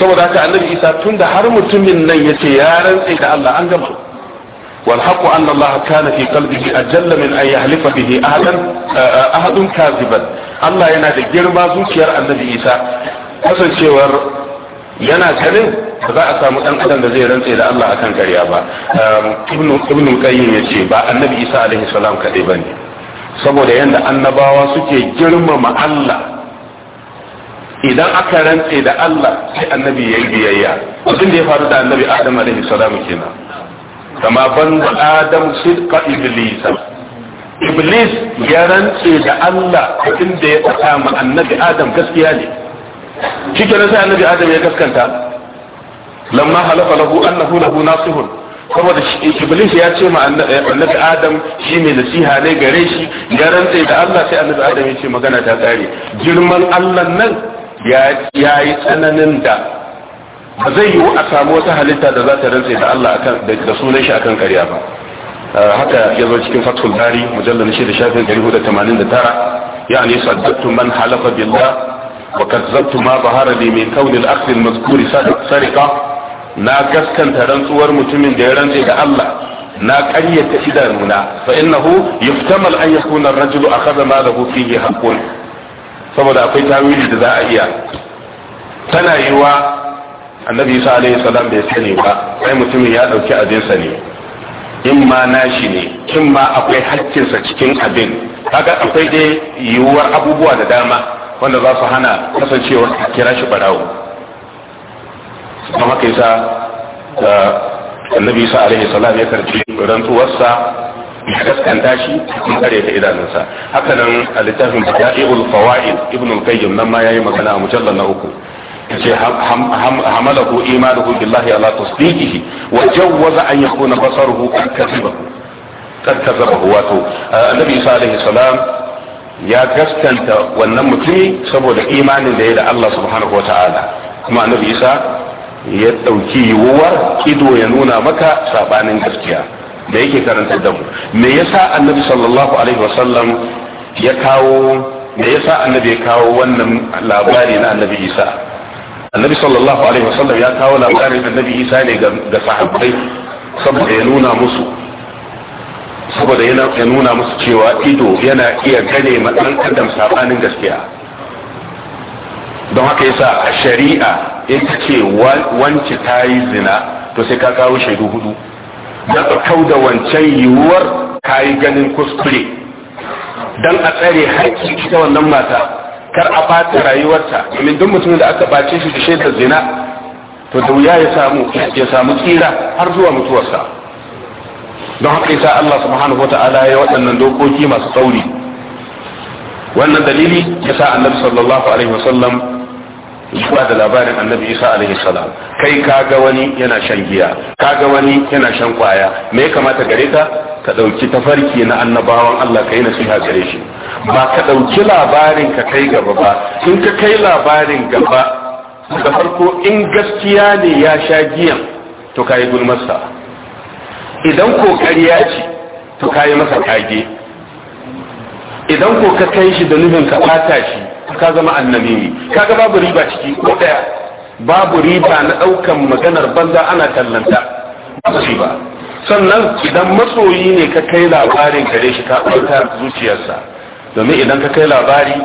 saboda haka annabi isa tun da har mutumin nan yace ya rantse da Allah an gama والحق أن الله كان في قلبه أجل من أن يحلف به أحدا أحد كاذبا الله ينادي جرما زوجير النبي إيسا حسن شوار yana ganin ba za a samu dan adam da zai rantse da Allah akan karya ba ibnu ibnu qayyim yace ba annabi isa alaihi salam kadai bane saboda yanda annabawa suke girmama Allah idan aka rantse da Allah sai annabi yayi biyayya abin da ya faru da annabi adam alaihi salam kenan كما ban adam صدق iblis iblis ya rantse da Allah inda ya faɗa annabi adam gaskiya ne shi kenan annabi adam ya gaskanta lamma halafa له ناصح lahu nasihun saboda iblis ya ce ma annabi adam shi ne nasiha ne gare shi ya rantse da Allah sai annabi adam ya ce magana ta kare girman Allah nan ya yi tsananin da ba zai yiwu a samu wata halitta da za ta rantse da Allah akan da sunan shi akan ƙarya ba ah, haka ya zo cikin fathul bari mujallal shi da shafin 489 yani saddatu man halafa billah wa kazzabtu ma bahara li min kauni al-akhd al-mazkur sariqa na gaskanta rantsuwar mutumin da ya rantse da Allah na ƙaryata idanuna fa innahu yuftamal an yakuna ar-rajulu akhadha ma lahu fihi haqqun saboda akwai tawili da za a iya tana yiwa annabi isa alaihi salam bai sani ba sai mutumin ya dauki abinsa ne in ma nashi ne kin ma akwai haƙƙinsa cikin abin kaga akwai dai yiwuwar abubuwa da dama wanda za su hana kasancewar a kira shi barawo don haka da annabi isa alaihi salam ya karbi rantsuwarsa ya gaskanta shi kuma kare ta idanunsa haka nan a littafin bada'i'ul fawaid ibn al-qayyim nan ma yayi magana a mujallal na uku ce Hamala hamalahu imanuhu billahi ala tasdiqihi wa jawwaza an yakuna basaruhu qad kadhibahu qad kadhabahu wato annabi isa alaihi salam ya gaskanta wannan mutumi saboda imanin da ya da Allah subhanahu wa ta'ala kuma annabi isa ya dauki yiwuwar ido ya nuna maka sabanin gaskiya da yake karanta da mu me yasa annabi sallallahu alaihi wasallam ya kawo me yasa annabi ya kawo wannan labari na annabi isa annabi sallallahu alaihi wasallam ya kawo labarin annabi isa ne ga sahabbai saboda ya nuna musu saboda ya nuna musu cewa ido yana iya gane matsan adam sabanin gaskiya don haka yasa a shari'a in ta ce wance ta yi zina to sai ka kawo shaidu hudu don a kau da wancan yiwuwar ka yi ganin kuskure don a tsare haƙƙi ita wannan mata kar a bata rayuwarta domin duk mutumin da aka bace shi da shaidar zina to da wuya ya samu ya samu tsira har zuwa mutuwarsa don haka yasa Allah subhanahu wataala ya waɗannan dokoki masu tsauri wannan dalili yasa annabi sallallahu alaihi wasallam zuwa da labarin annabi isa alaihi salam kai ka ga wani yana shan giya Ka ga wani yana shan kwaya me ya kamata gare ka ka dauki tafarki na annabawan Allah kai nasiha gare shi ba ka dauki labarin ka kai gaba ba in ka kai labarin gaba da farko in gaskiya ne ya sha giyan to kai gulmarsa idan kokari ya ci to kai masa kage idan ko ka kai shi da nufin ka bata shi ka zama ne kaga babu riba ciki ko daya babu riba na daukan maganar banza ana kallanta babu riba sannan idan masoyi ne ka kai labarin kare shi ka ɗauka zuciyarsa domin idan ka kai labari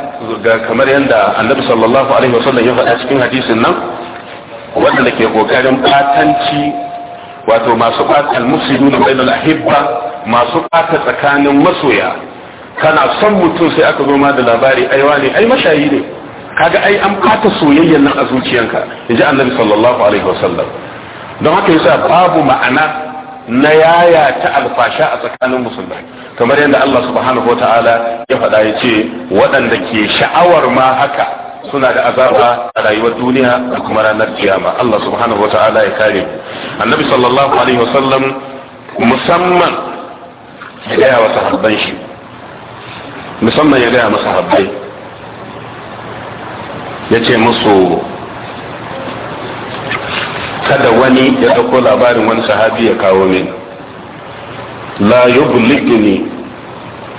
ga kamar yadda annabi sallallahu alaihi wasallam ya faɗa cikin hadisin nan wanda ke kokarin batanci wato masu ɓata almusidu na bainal ahibba masu ƙata tsakanin masoya kana son mutum sai aka zo ma da labari ai wani ai mashayi ne kaga ai an bata soyayyan nan a zuciyanka inji annabi sallallahu alaihi wasallam don haka yasa babu ma'ana na yaya ta alfasha a tsakanin musulmai kamar yadda Allah subhanahu wataala ya faɗa ya ce waɗanda ke sha'awar ma haka suna da azaba a rayuwar duniya da kuma ranar kiyama Allah subhanahu wataala ya kare annabi sallallahu alaihi wasallam musamman ya gaya wa sahabban shi musamman ya gaya masa habbai ya ce musu kada wani ya dauko labarin wani sahabi ya kawo min la yubligni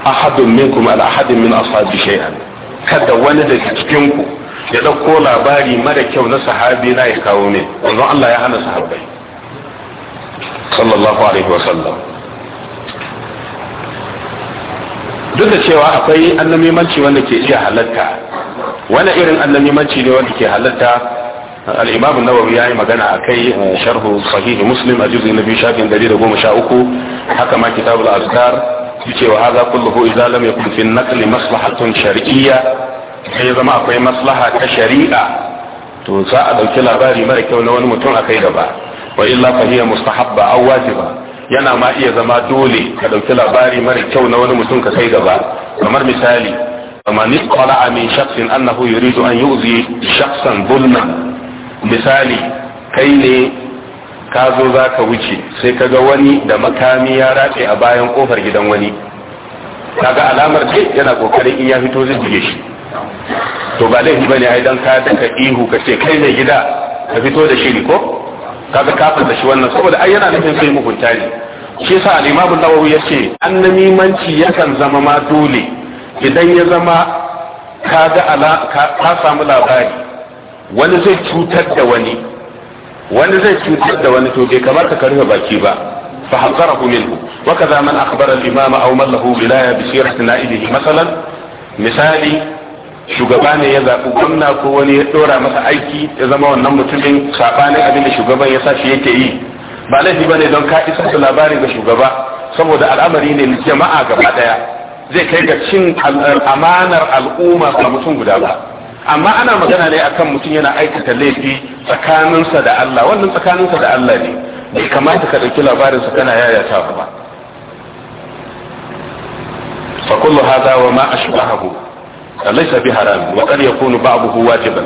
ahadun minkum al ahadin min ashabi shay'an kada wani da cikin ku ya dauko labari mara kyau na sahabi na ya kawo min wanzan Allah ya hana sahabbai sallallahu alaihi wa sallam duk da cewa akwai annamimanci wanda ke iya halatta wani irin annamimanci ne wanda ke halatta al-imam ya yi magana kai eh, sharhu sahih muslim a juz'i na biyu shafin uku haka ma kitabul azkar yace wa kullu kulluhu idza lam yakun fi an-naql maslahatun shar'iyya sai zama akwai maslaha ta shari'a to za a dauki labari mara kyau na wani mutum akai gaba wa illa fa hiya mustahabba aw wajiba yana ma iya zama dole ka ɗauki labari mara kyau na wani mutum ka kai gaba kamar misali kamar a min shakhsin annahu yuridu an uzi shaksan Bulna. misali kai ne ka zo za ka wuce sai ka ga wani da makami ya ratse a bayan kofar gidan wani Ka ga alamar ce yana kokarin in ya fito zai buge shi to ba laifi ba ne ai dan ka daka ihu ka ce kai ne gida ka fito da shiri ko kaga kafin da shi wannan saboda ai yana nufin sai mugunta ne shi yasa al-imam an-nawawi yace yakan zama ma dole idan ya zama ga ala ka samu labari wani zai cutar da wani wani zai cutar da wani to bai kamata ka rufe baki ba fa hazarahu minhu wa kaza man akhbara al-imam aw man lahu wilaya bi sirati na'ibihi misali shugaba ne ya zaɓi gwamna ko wani ya ɗora masa aiki ya zama wannan mutumin saɓanin abin da shugaban ya sa shi yake yi ba laifi ba ne don ka isa su labarin ga shugaba saboda al'amari ne jama'a gaba ɗaya zai kai ga cin amanar al'umma ga mutum guda ba amma ana magana ne akan mutum yana aikata laifi tsakaninsa da Allah wannan tsakaninsa da Allah ne bai kamata ka ɗauki labarinsa kana yayata ba fa kullu hada wa ma ashbahahu ليس bi haram wa qad yakunu ba'dahu wajiban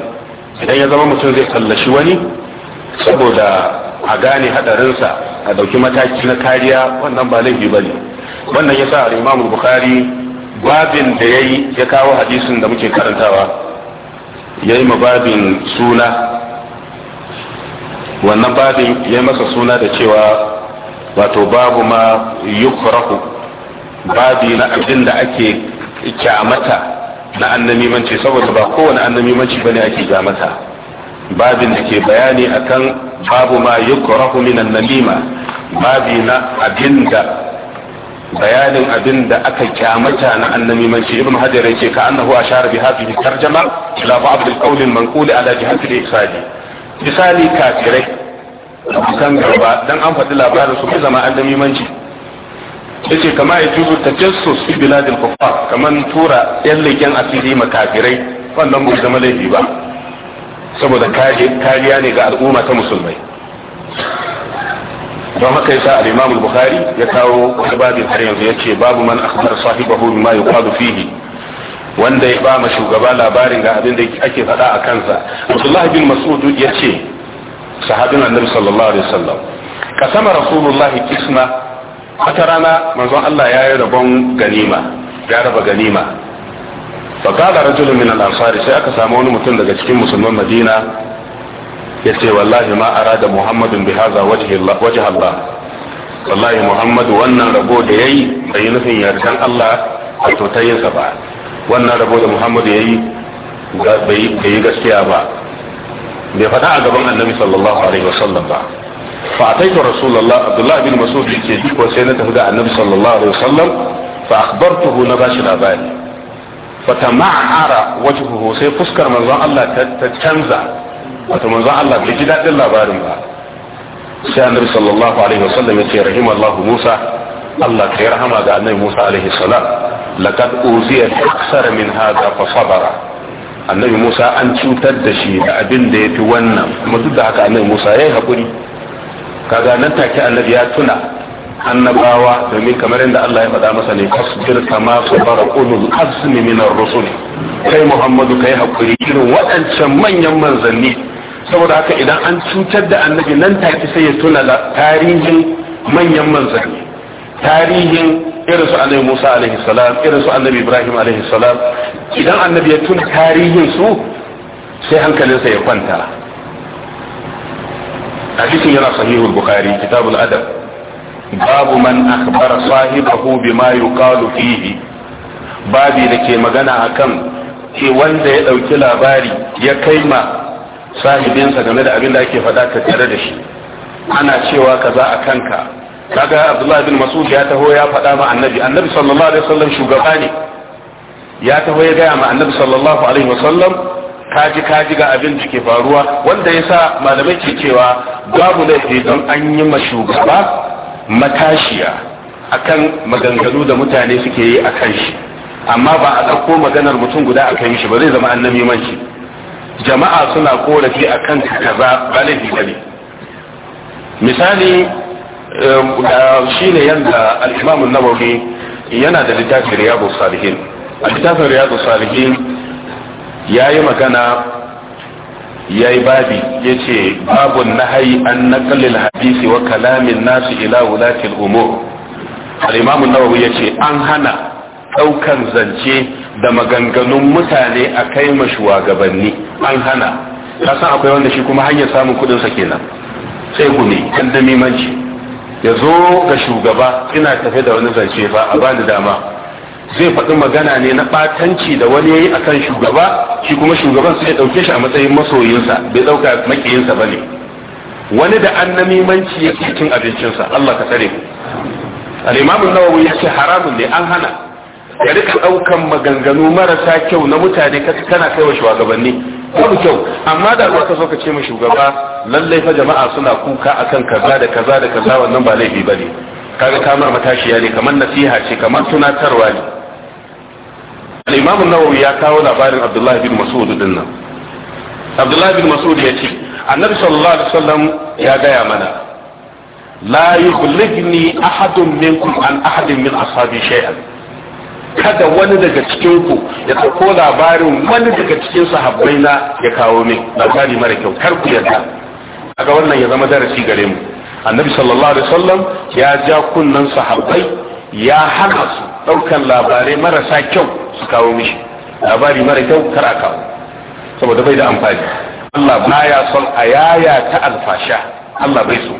idan ya zama mutum zai kallashi wani saboda a gane hadarinsa a dauki mataki na kariya wannan ba laifi bane wannan yasa al-Imam Bukhari babin da yayi ya kawo hadisin da muke karantawa yayi mababin suna wannan babin ya masa suna da cewa wato babu ma yukrahu babi na abin da ake kyamata na annamimanci saboda ba kowane annamimanci bane ake ga mata babin da ke bayani akan babu ma yukrahu min annamima babi na abinda bayanin abinda aka kyamata na annamimanci ibn hajar yake ka annahu ashara bi hadhihi tarjama ila ba'd al-qawl al-manqul ala jihati al misali kafirai kan gaba dan an faɗi labarin su zama annamimanci yace kama ya juzu tajassus fi biladil kuffar kaman tura yan leken asiri makafirai wannan bai zama laifi ba saboda kariya ne ga al'umma ta musulmai don haka yasa al-Imam al-Bukhari ya kawo wani babin har yanzu yace babu man akhbara sahibahu bima yuqalu fihi wanda ya ba ma shugaba labarin ga abin da ake faɗa a kansa Abdullah bin Mas'ud yace sahabin Annabi sallallahu alaihi wasallam kasama rasulullahi kisma wata rana manzon Allah ya yi rabon ganima ya raba ganima fa qala rajulun min al-ansari sai aka samu wani mutum daga cikin musulman Madina ya ce, wallahi ma arada muhammadun bi hadha wajhi Allah wajha Allah wallahi muhammadu wannan rabo da yayi bai nufin yardan Allah a ta yinsa ba wannan rabo da Muhammadu yayi bai yi gaskiya ba bai faɗa a gaban annabi sallallahu alaihi wasallam ba fa ataitu rasulullah abdullah bin mas'ud yake duk sai na tafi a annabi sallallahu alaihi wasallam fa akhbartuhu na bashi labari fa tama'ara wajhuhu sai fuskar manzon Allah ta canza wato Allah ji labarin ba sai annabi sallallahu alaihi wasallam rahim rahimallahu Musa Allah kai rahama ga annabi Musa alaihi salam laqad uziya aksar min hada fa sabara annabi Musa an cutar da shi da abin da yafi wannan kuma duk da haka annabi Musa yayi hakuri kaga nan take annabi ya tuna annabawa domin kamar yadda Allah ya faɗa masa ne fasbir kama bara ulul azmi min ar-rusul kai Muhammadu kai hakuri irin waɗancan manyan manzanni saboda haka idan an cutar da annabi nan take sai ya tuna tarihin manyan manzanni tarihin irin su annabi Musa alaihi salam irin su annabi Ibrahim alaihi salam idan annabi ya tuna tarihin su sai hankalinsa ya kwanta hadisin yana sahihul bukhari kitabul adab babu man akhbara sahibahu bima yuqalu fihi babi da ke magana akan ke wanda ya ɗauki labari ya ma sahibinsa game da abin da ake faɗa tattare da shi ana cewa kaza a kanka kaga abdullahi bin masud ya taho ya faɗa ma annabi annabi sallallahu alaihi wasallam shugaba ne ya taho ya gaya ma annabi sallallahu alaihi kaji kaji ga abin da ke faruwa wanda ya sa malamai ke cewa babu laifi don an yi ma shugaba matashiya akan maganganu da mutane suke yi a kan shi amma ba a ɗauko maganar mutum guda a kan shi ba zai zama annabi shi jama'a suna korafi a kan kaza ba laifi ba ne misali um, shi ne yadda nawawi yana da littafin riyadu salihin a littafin riyadu salihin ya yi magana ya yi babi ya ce babun hayi an naƙalil hadisi wa kalamin nasu ila wulatil umur al'imamu nawawi ya ce an hana ɗaukan zance da maganganun mutane a kai ma shugabanni an hana kasan akwai wanda shi kuma hanyar samun kudinsa kenan sai gumi kan mimanci. ya zo ga shugaba ina tafe da wani zance ba a bani dama zai faɗi magana ne na ɓatanci da wani ya yayi akan shugaba shi kuma shugaban sai ɗauke shi a matsayin masoyinsa bai ɗauka makiyinsa ba ne wani da an namimanci ya ke cin abincinsa Allah ka tsare Alimamin al ya ce haramun ne an hana ya rika ɗaukan maganganu marasa kyau na mutane kana kai wa shugabanni babu kyau amma da ka so ka ce ma shugaba lallai fa jama'a suna kuka akan kaza da kaza da kaza wannan ba laifi ba ne kaga kamar matashiya ne kamar nasiha ce kamar tunatarwa ne al-imam an-nawawi ya kawo labarin abdullahi bin mas'ud din nan abdullahi bin mas'ud ya ce annabi sallallahu alaihi wasallam ya gaya mana la yukhlijni ahadun minkum an ahadin min ashabi shay'an kada wani daga cikin ku ya tsako labarin wani daga cikin sahabbai na ya kawo min labari mara kyau kar ku yarda kaga wannan ya zama darasi gare mu annabi sallallahu alaihi wasallam ya ja kunnan sahabbai ya hana su daukan labarai marasa kyau su kawo mishi labari mara kyau kar a kawo saboda bai da amfani Allah ya son a yaya ta alfasha Allah bai so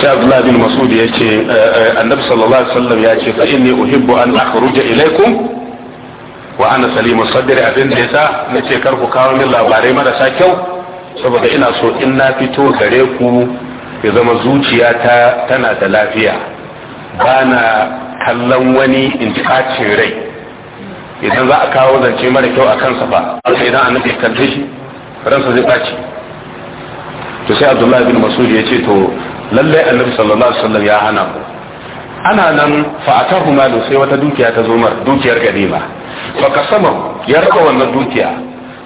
sai Abdullah bin Mas'ud ya ce eh, eh, Annabi sallallahu alaihi wasallam ya ce fa inni uhibbu an akhruja ilaikum wa ana salimu sadri abin da yasa nace kar ku kawo min labarai marasa kyau saboda ina so in na fito gare ku ya zama zuciya ta tana da lafiya Ba na. kallon wani in ji rai idan za a kawo zance mara kyau a kansa ba aka idan annabi ya kalle shi ransa zai ɓaci to sai abdullahi bin masud ya ce to lallai annabi sallallahu alaihi wasallam ya hana mu ana nan fa'atar humalu sai wata dukiya ta zomar dukiyar ganima fa kasama ya raba wannan dukiya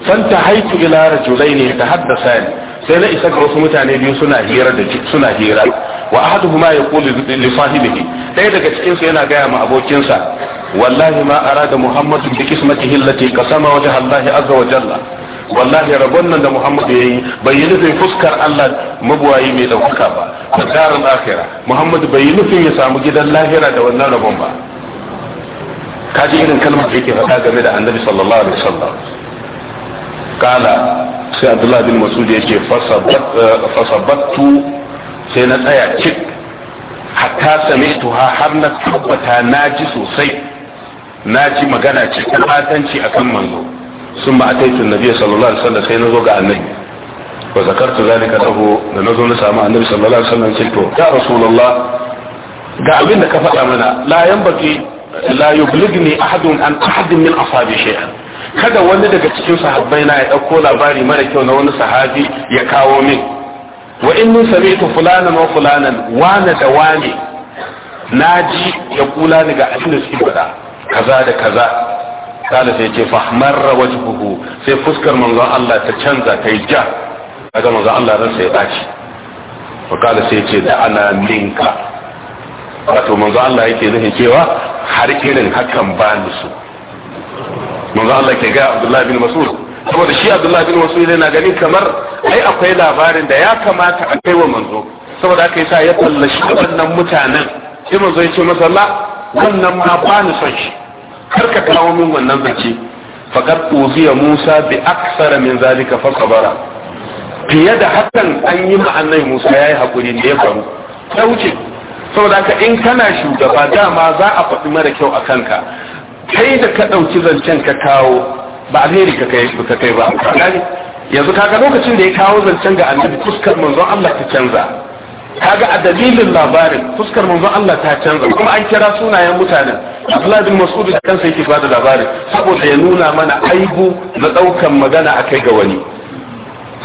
fanta haitu ila rajulaini ta haddasa sai na isa ga wasu mutane biyu suna hira da suna hira wa ahaduhuma yaqulu li sahibihi ɗaya daga cikin su yana gaya ma abokinsa wallahi ma arada muhammadu bi qismatihi allati qasama wajha allah azza wa jalla wallahi rabon nan da muhammadu yayi bai yi nufin fuskar allah mabuwayi mai ɗaukaka ba da darin akhira muhammadu bai yi nufin ya samu gidan lahira da wannan rabon ba kaji irin kalmar da yake faɗa game da annabi sallallahu alaihi wasallam kala sai abdullahi bin masud ya ce fasabattu eh, sai na tsaya cik hatta sami'tu ha har na tabbata na ji sosai na ji magana cikin a kan manzo sun ba a na biya sallallahu alaihi wasallam sai na zo ga annabi wa zakartu ka lahu da na zo na samu annabi sallallahu alaihi wasallam sai to ya rasulullah ga abin da ka faɗa mana la yanbaki la yublighni ahadun an ahadin min ashabi shay'an kada wani daga cikin sahabbai na ya ɗauko labari mara kyau na wani sahabi ya kawo min wa inni sami'tu fulanan wa fulanan wane da wane ji ya kula daga abin da suke faɗa kaza da kaza kala sai ce fahmarra wajhuhu sai fuskar manzon Allah ta canza ta yi ja kaga manzon Allah ran sai ya baci wa kala sai ce da ana ninka. wato manzon Allah yake nufin cewa har irin hakan ba ni su manzo Allah ke ga Abdullahi bin Mas'ud saboda shi Abdullahi bin Mas'ud yana ganin kamar ai akwai labarin da ya kamata a kai wa manzo saboda haka yasa ya tallashi wannan mutanen sai manzo ya ce masa Allah wannan ma ba ni son shi kar ka kawo min wannan zance faqad uziya Musa bi aksara min zalika fa sabara fiye da hakan an yi ma'anai Musa yayi hakuri da ya faru Sai wuce saboda haka in kana shugaba dama za a faɗi mara kyau a kanka kai da ka ɗauki zancen ka kawo ba alheri ka kai ka kai ba yanzu kaga lokacin da ya kawo zancen ga annabi fuskar manzon Allah ta canza kaga a dalilin labarin fuskar manzon Allah ta canza kuma an kira sunayen mutanen Abdullah bin Mas'ud da kansa yake bada labarin saboda ya nuna mana aibu na daukan magana akai ga wani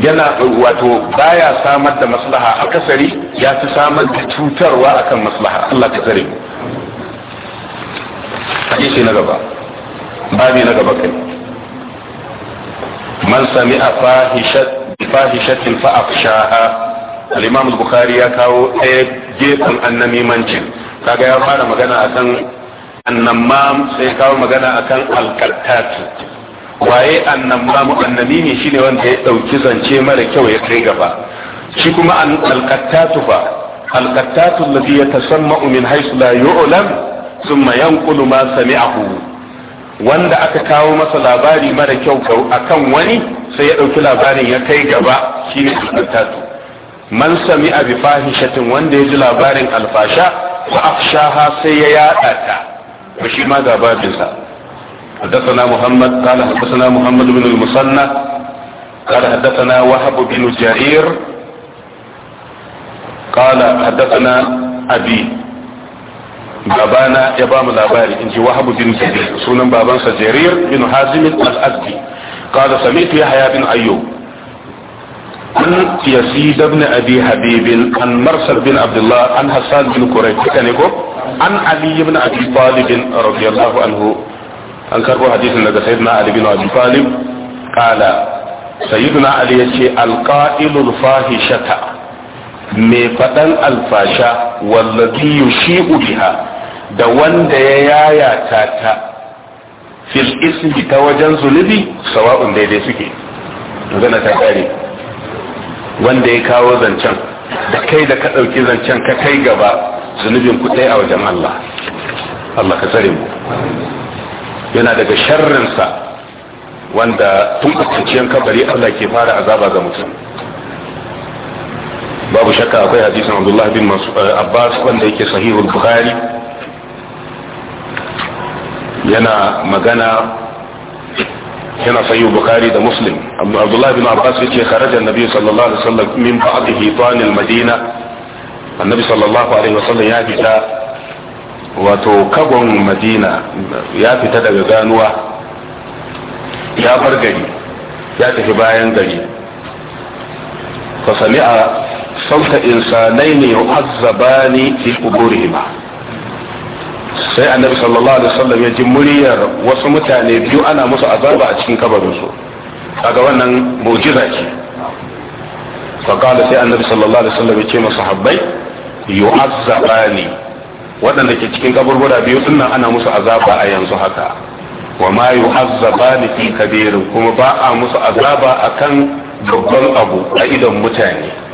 yana wato baya samar da maslaha akasari ya fi samar da cutarwa akan maslaha Allah ta tsare mu hadisi na gaba babi na gaba kai man sami a fahishatin fa'afshaha al-imam bukhari ya kawo ɗaya gefen annamimancin kaga ya fara magana akan annamam sai kawo magana akan alkartatu waye annamam annamimi shine wanda ya dauki zance mara kyau ya kai gaba shi kuma alkartatu fa alkartatu ta san maumin haisu la yu'lam summa yanqulu ma sami'ahu wanda aka kawo masa labari mara kyau akan wani sai ya dauki labarin ya kai gaba shine al-tatu man sami'a bi fahishatin wanda ya ji labarin alfasha ko afshaha sai ya yaɗa ta ba shi ma ga babinsa حدثنا محمد قال حدثنا محمد بن المثنى قال حدثنا وهب بن جرير قال حدثنا babana ya ba mu labari in ji wahabu bin jarir sunan babansa jarir bin hazim al-azdi qala sami'tu yahya bin ayyub an yasid ibn abi habib an marsal bin abdullah an hasan bin quraysh kane ko an ali ibn abi talib radiyallahu anhu an karbo hadithin daga sayyidina ali bin abi talib qala sayyidina ali yace al-qa'ilul fahishata mai faɗan alfasha wallazi yushi'u biha da wanda ya yayata ta fil ismi ta wajen zunubi sawa'un daidai suke magana ta kare wanda ya kawo zancen da kai da ka ɗauki zancen ka kai gaba zunubin ku a wajen Allah Allah ka tsare mu yana daga sharrinsa wanda tun kusanciyan kabari Allah ke fara azaba ga mutum babu shakka akwai hadisin abdullahi bin eh, abbas wanda yake sahihul bukhari yana magana yana sayi bukhari da muslim abdullahi bin abbas yake kharaja annabi sallallahu alaihi wasallam min ba'd hitanil madina annabi sallallahu alaihi wasallam ya fita wato kagon madina ya fita daga ganuwa ya bar gari ya tafi bayan gari fa sami'a sauka insanai ne yu'azzabani fi quburihima sai annabi sallallahu alaihi wasallam ya ji muryar wasu mutane biyu ana musu azaba a cikin kabarinsu kaga wannan mu'jiza ce fa sai annabi sallallahu alaihi ya ce waɗanda ke cikin kaburbura biyu din ana musu azaba a yanzu haka wa ma yu'azzabani fi kabirin kuma ba a musu azaba akan babban abu a idon mutane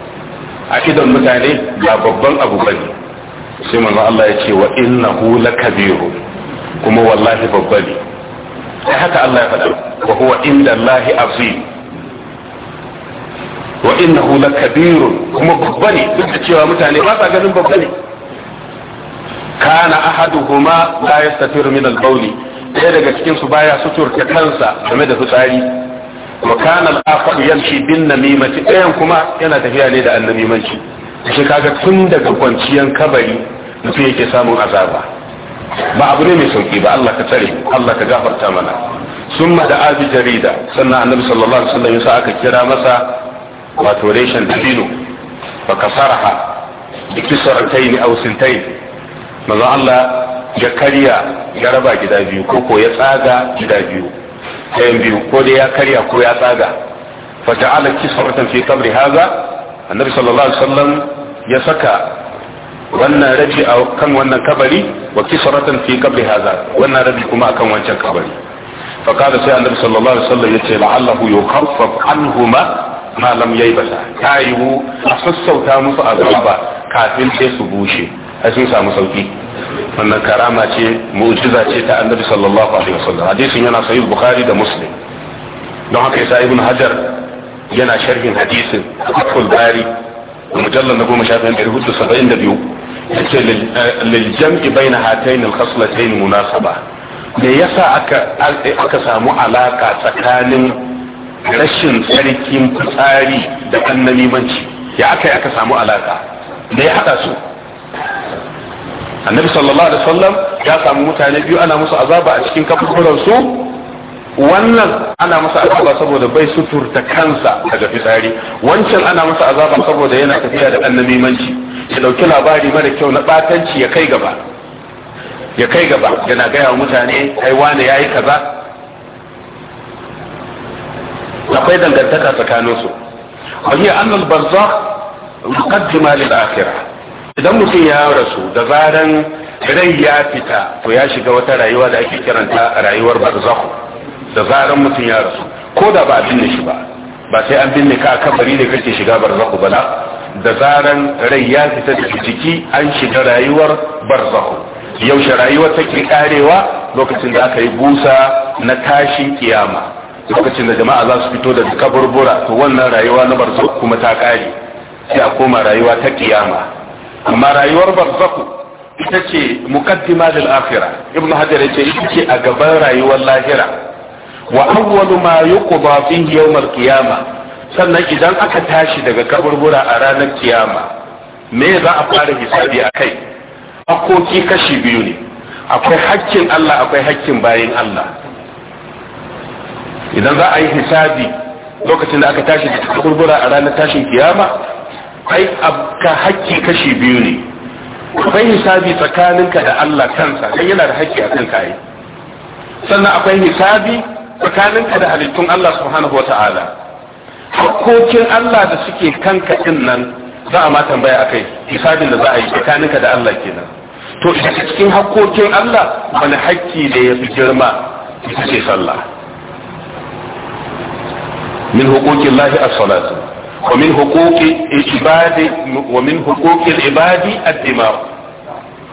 a idon mutane ba babban abu bane sai manzo Allah ya ce wa innahu lakabiru kuma wallahi babba ne sai haka Allah ya faɗa wa huwa inda Allahi azim wa innahu lakabiru kuma babba ne duk da cewa mutane ba sa ganin babba ne kana ahaduhuma la yastatir min al-bawli ɗaya daga cikin su baya suturta kansa game da fitsari wa kana al-akhar yamshi ɗayan kuma yana tafiya ne da annamimanci shi kaga tun daga kwanciyar kabari mutum yake samun azaba ba abu ne mai sauki ba Allah ka tsare Allah ka gafarta mana summa da abi jarida sannan annabi sallallahu alaihi wasallam yasa aka kira masa wato reshen dabino fa kasaraha bi kisratayn aw sintayn manzo Allah ya karya ya raba gida biyu ko ko ya tsaga gida biyu ɗayan biyu ko dai ya karya ko ya tsaga fa kisratan fi qabri annabi sallallahu alaihi wasallam ya saka wannan rabi a kan wannan kabari wa kisratan fi qabri haza wannan rabi kuma akan wancan kabari fa kada sai annabi sallallahu alaihi wasallam yace la'allahu yukhaffaf anhuma ma lam yaybasa a sassauta musu azaba kafin sai su bushe sai sun samu sauki wannan karama ce mu'jiza ce ta annabi sallallahu alaihi wasallam hadisin yana sahih bukhari da muslim don haka yasa ibn hajar yana sharhin hadisin fathul bari mujallal na goma sha biyar da rubutu saba'in da biyu yace lil eh, jam'i baina hatayn al khaslatayn munasaba me yasa aka aka samu alaka tsakanin rashin tsarkin fitsari da annalimanci ya aka aka samu alaka da ya hada su annabi sallallahu alaihi wasallam ya samu mutane biyu ana musu azaba a cikin kafafuran su wannan ana musu azaba saboda bai suturta kansa daga fitsari wancan ana musu azaba saboda yana tafiya da annamimanci ya dauki labari mara kyau na batanci ya kai gaba ya kai gaba yana gaya wa mutane ai wane yayi kaza akwai dangantaka tsakaninsu wa hiya anna al-barzakh muqaddima lil-akhirah idan mutum ya rasu da zaran rai ya fita to ya shiga wata rayuwa da ake kiranta rayuwar ba da zaran mutum ya rasu ko da ba a binne shi ba ba sai an binne ka a kabari da kake shiga barzahu ba da zaran rai ya fita da jiki an shiga rayuwar barzahu yaushe rayuwa take karewa lokacin da aka yi busa na tashin kiyama lokacin da jama'a za su fito da kaburbura to wannan rayuwa na barzahu kuma ta kare sai a koma rayuwa ta kiyama amma rayuwar barzaku ita ce muqaddima lil akhirah ibnu hajar yace ita ce a gaban rayuwar lahira wa awwalu ma yuqda fi yawm al qiyama sannan idan aka tashi daga kaburbura a ranar kiyama me za a fara hisabi akai hakoki kashi biyu ne akwai hakkin Allah akwai hakkin bayin Allah idan za a yi hisabi lokacin da aka tashi daga kaburbura a ranar tashin kiyama ai ka haƙƙi kashi biyu ne akwai hisabi tsakaninka da Allah kansa kai yana da haƙƙi a kanka ai sannan akwai hisabi tsakaninka da halittun Allah subhanahu wata'ala Hakokin Allah da suke kanka din nan za a ma tambaya akai hisabin da za a yi tsakaninka da Allah kenan to daga cikin hakokin Allah wani haƙƙi da ya fi girma ita ce sallah min hukukin lahi as-salatu ومن حقوق العباد ومن حقوق العباد الدماء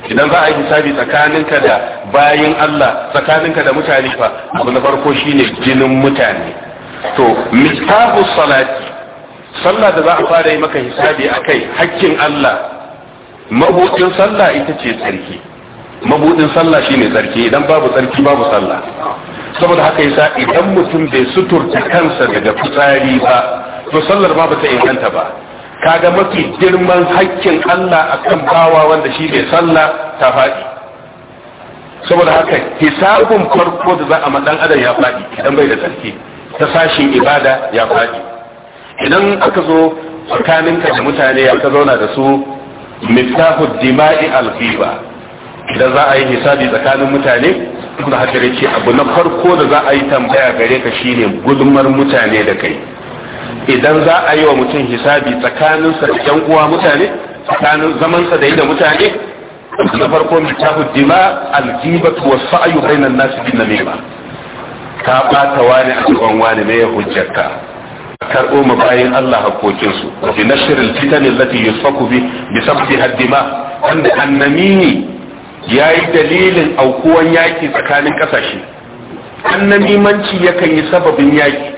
idan za a yi hisabi tsakaninka da bayan Allah tsakaninka da mutane fa abu na farko shine jinin mutane to mitabu salati sallah da za a fara yi maka hisabi a kai, hakkin Allah mabudin sallah ita ce tsarki mabudin sallah shine tsarki idan babu tsarki babu sallah saboda haka yasa idan mutum bai suturta kansa daga fitsari ba to sallar ba ta inganta ba kaga mafi girman hakkin Allah akan bawa wanda shi bai sallah ta faɗi saboda haka hisabun farko da za a ma dan adam ya faɗi idan bai da sarki ta sashin ibada ya faɗi idan aka zo tsakaninka da mutane ya zauna da su miftahu dima'i alfiba idan za a yi hisabi tsakanin mutane kuma hajjar ce abu na farko da za a yi tambaya gare ka shine gudumar mutane da kai idan za a yi wa mutum hisabi tsakaninsa da yan uwa mutane tsakanin zamansa da yi da mutane na farko mitahu dima aljibatu wa sa'yu bainan nas bin namima ka bata wani a cikin wani ya hujjarka karɓo mu bayan Allah hakokinsu bi nashril fitan allati yusfaku bi bi sabbi haddima wanda Ya yayi dalilin aukuwan yaki tsakanin kasashe annamimanci yakan yi sababin yaki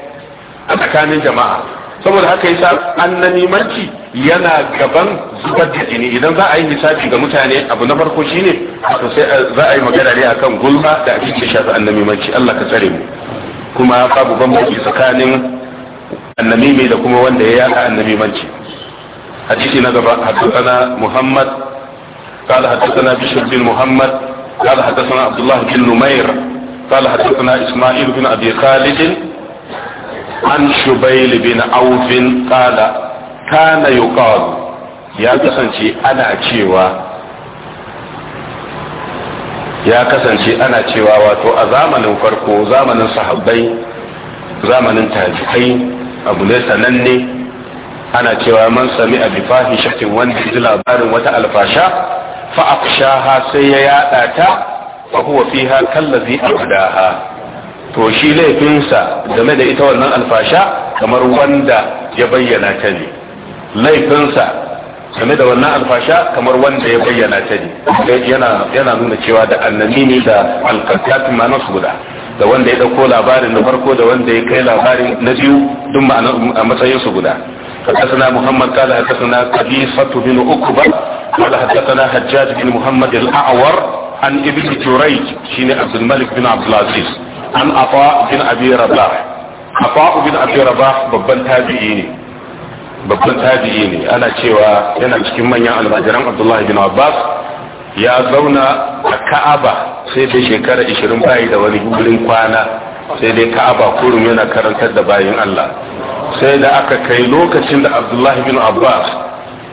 a tsakanin jama'a saboda haka yasa annanimanci yana gaban zubar da jini idan za a yi lissafi ga mutane abu na farko shine to sai za a yi magana ne akan gulma da abin da shafi annanimanci Allah ka tsare mu kuma babu bambanci tsakanin annami mai da kuma wanda ya yaka manci hadisi na gaba haddathana Muhammad قال حدثنا بشر بن محمد قال حدثنا عبد الله بن نمير قال حدثنا اسماعيل بن ابي خالد an shubail bin aufin qala kana yuqal ya kasance ana cewa ya kasance ana cewa wato a zamanin farko zamanin sahabbai zamanin tajihai abu ne sananne ana cewa man sami a bifahi shakin wanda ji labarin wata alfasha fa fa'afshaha sai ya yada ta fa huwa fiha kallazi abdaha to shi laifinsa game da ita wannan alfasha kamar wanda ya bayyana ta ne laifinsa game da wannan alfasha kamar wanda ya bayyana ta ne yana nuna cewa da annabi ne da alkarkatun ma nasu guda da wanda ya dauko labarin na farko da wanda ya kai labarin na biyu duk a matsayinsu guda حدثنا محمد قال حدثنا قبيصة بن أكبة قال حدثنا حجاج بن محمد الأعور عن ابن جريج شين عبد الملك بن عبد العزيز an afa bin abi rabah afa bin abi babban tabi'i ne babban tabi'i ne ana cewa yana cikin manyan almajiran abdullahi bin abbas ya zauna a ka'aba sai dai shekara 20 bayi da wani gurin kwana sai dai ka'aba kurum yana karantar da bayin Allah sai da aka kai lokacin da abdullahi bin abbas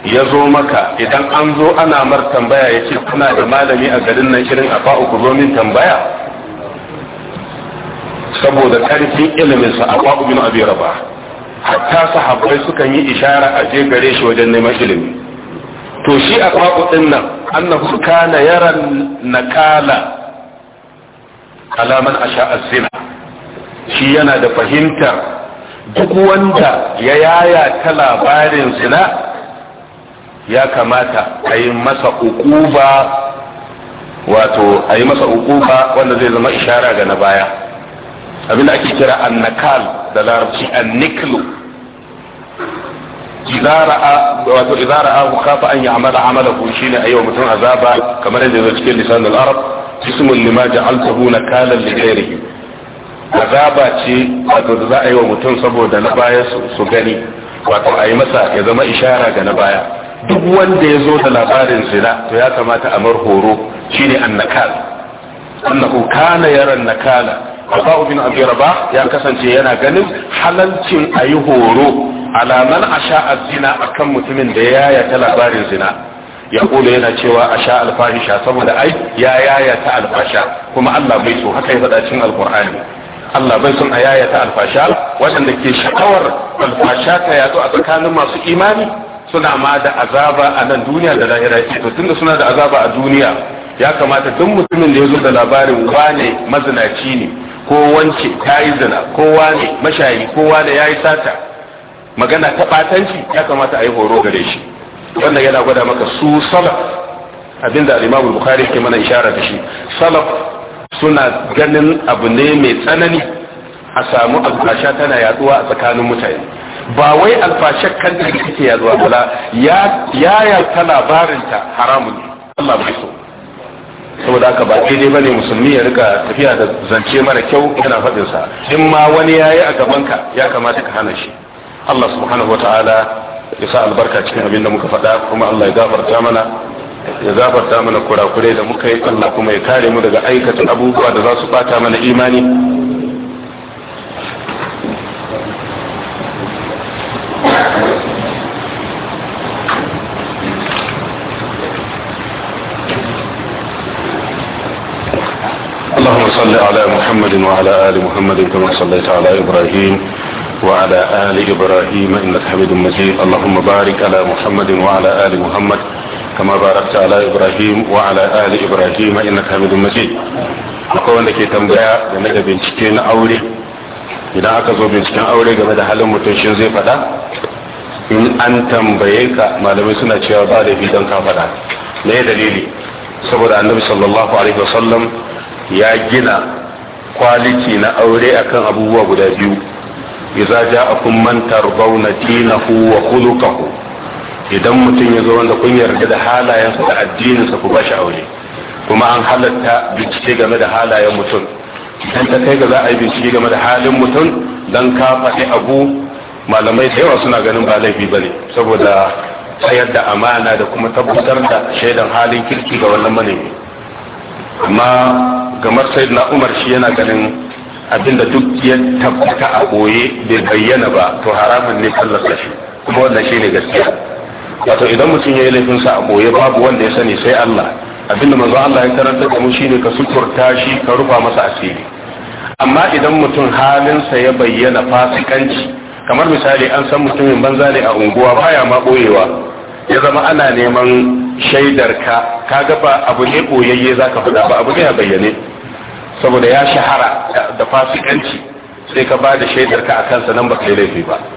ya zo maka idan an zo ana mar tambaya ya ce kuna da malami a garin nan shirin a ku zo min tambaya saboda ƙarfin iliminsa a ƙwaƙu bin abi rabah hatta sahabbai sukan yi ishara a je gare shi wajen neman ilimi to shi a kwaku din nan annahu kana yara nakala alaman asha azina shi yana da fahimtar duk wanda ya yaya ta labarin zina ya kamata a yi masa ukuba wato a yi masa ukuba wanda zai zama ishara ga na baya da ake kira annakal da larabci anniklu wato a ra'a kafa an ya'mala amalahu shine ayyau mutum azaba kamar yadda zai cikin lisanul arab ismun lima ja'altahu nakalan li ghairihi azaba ce wato da za a yi wa mutum saboda na baya su gani wato a yi masa ya zama ishara ga na baya duk wanda ya zo da labarin zina to ya kamata a mar horo shine annakal annahu kana yaran nakala Abu bin ya kasance yana ganin halalcin ayi horo alaman asha a akan mutumin da ya yata labarin zina ya kula yana cewa sha alfahisha saboda ai ya yayata alfasha kuma Allah bai so haka ya faɗa cikin Allah bai son a yayata alfasha waɗanda ke sha'awar alfasha ta yazo a tsakanin masu imani suna ma da azaba a nan duniya da lahira ce to tunda suna da azaba a duniya ya kamata duk mutumin da ya zo da labarin wane mazinaci ne ko wance ta yi zina kowa ne mashayi kowa da ya yi sata magana ta batanci ya kamata a yi horo gare shi wannan yana gwada maka su salaf abinda al-imam bukhari ke mana ishara da shi salaf suna ganin abu ne mai tsanani a samu alfasha tana yaduwa a tsakanin mutane ba wai alfashar kan da take yaduwa bala ya ya yarta labarinta haramun Allah bai so saboda haka ba daidai bane musulmi ya rika tafiya da zance mara kyau yana faɗin sa in ma wani yayi a gaban ka ya kamata ka hana shi Allah subhanahu wataala ya sa albarka cikin abin da muka faɗa kuma Allah ya gafarta mana ya gafarta mana kurakurai da muka yi Allah kuma ya kare mu daga aikata abubuwa da za su bata mana imani محمد وعلى آل محمد كما صليت على إبراهيم وعلى آل إبراهيم إنك حميد مجيد اللهم بارك على محمد وعلى آل محمد كما باركت على إبراهيم وعلى آل إبراهيم إنك حميد مجيد ke tambaya game idan aka zo binciken aure game da halin mutum shin zai faɗa in an tambaye ka malamai suna cewa ba da bidan faɗa me dalili saboda annabi sallallahu alaihi ya gina kwaliti na aure akan abubuwa guda biyu a kun man tardawna tinahu wa khuluquhu idan mutum ya zo wanda kun yarda da halayensa da addininsa ku bashi aure kuma an halatta bincike game da halayen mutum idan ta kai ga za a yi bincike game da halin mutum dan ka faɗi abu malamai da yawa suna ganin ba laifi ba ne saboda tsayar da amana da kuma tabbatar da shaidan halin kirki ga wannan manemi amma gamar na umar shi yana ganin abinda duk ya tabbata a boye bai bayyana ba to haramun ne fallasa shi kuma wannan shi ne gaskiya wato idan mutum ya yi laifinsa a boye babu wanda ya sani sai Allah abinda manzo Allah ya karanta da mu shine ka suturta shi ka rufa masa asiri amma idan mutum halinsa ya bayyana fasikanci kamar misali an san mutumin banza ne a unguwa baya ma boyewa ya zama ana neman shaidar ka kaga ba abu ne koyayye ka fada ba abu ne a bayyane saboda ya shahara da fasikanci sai ka ba da shaidar ka a kansa nan ba yi laifi ba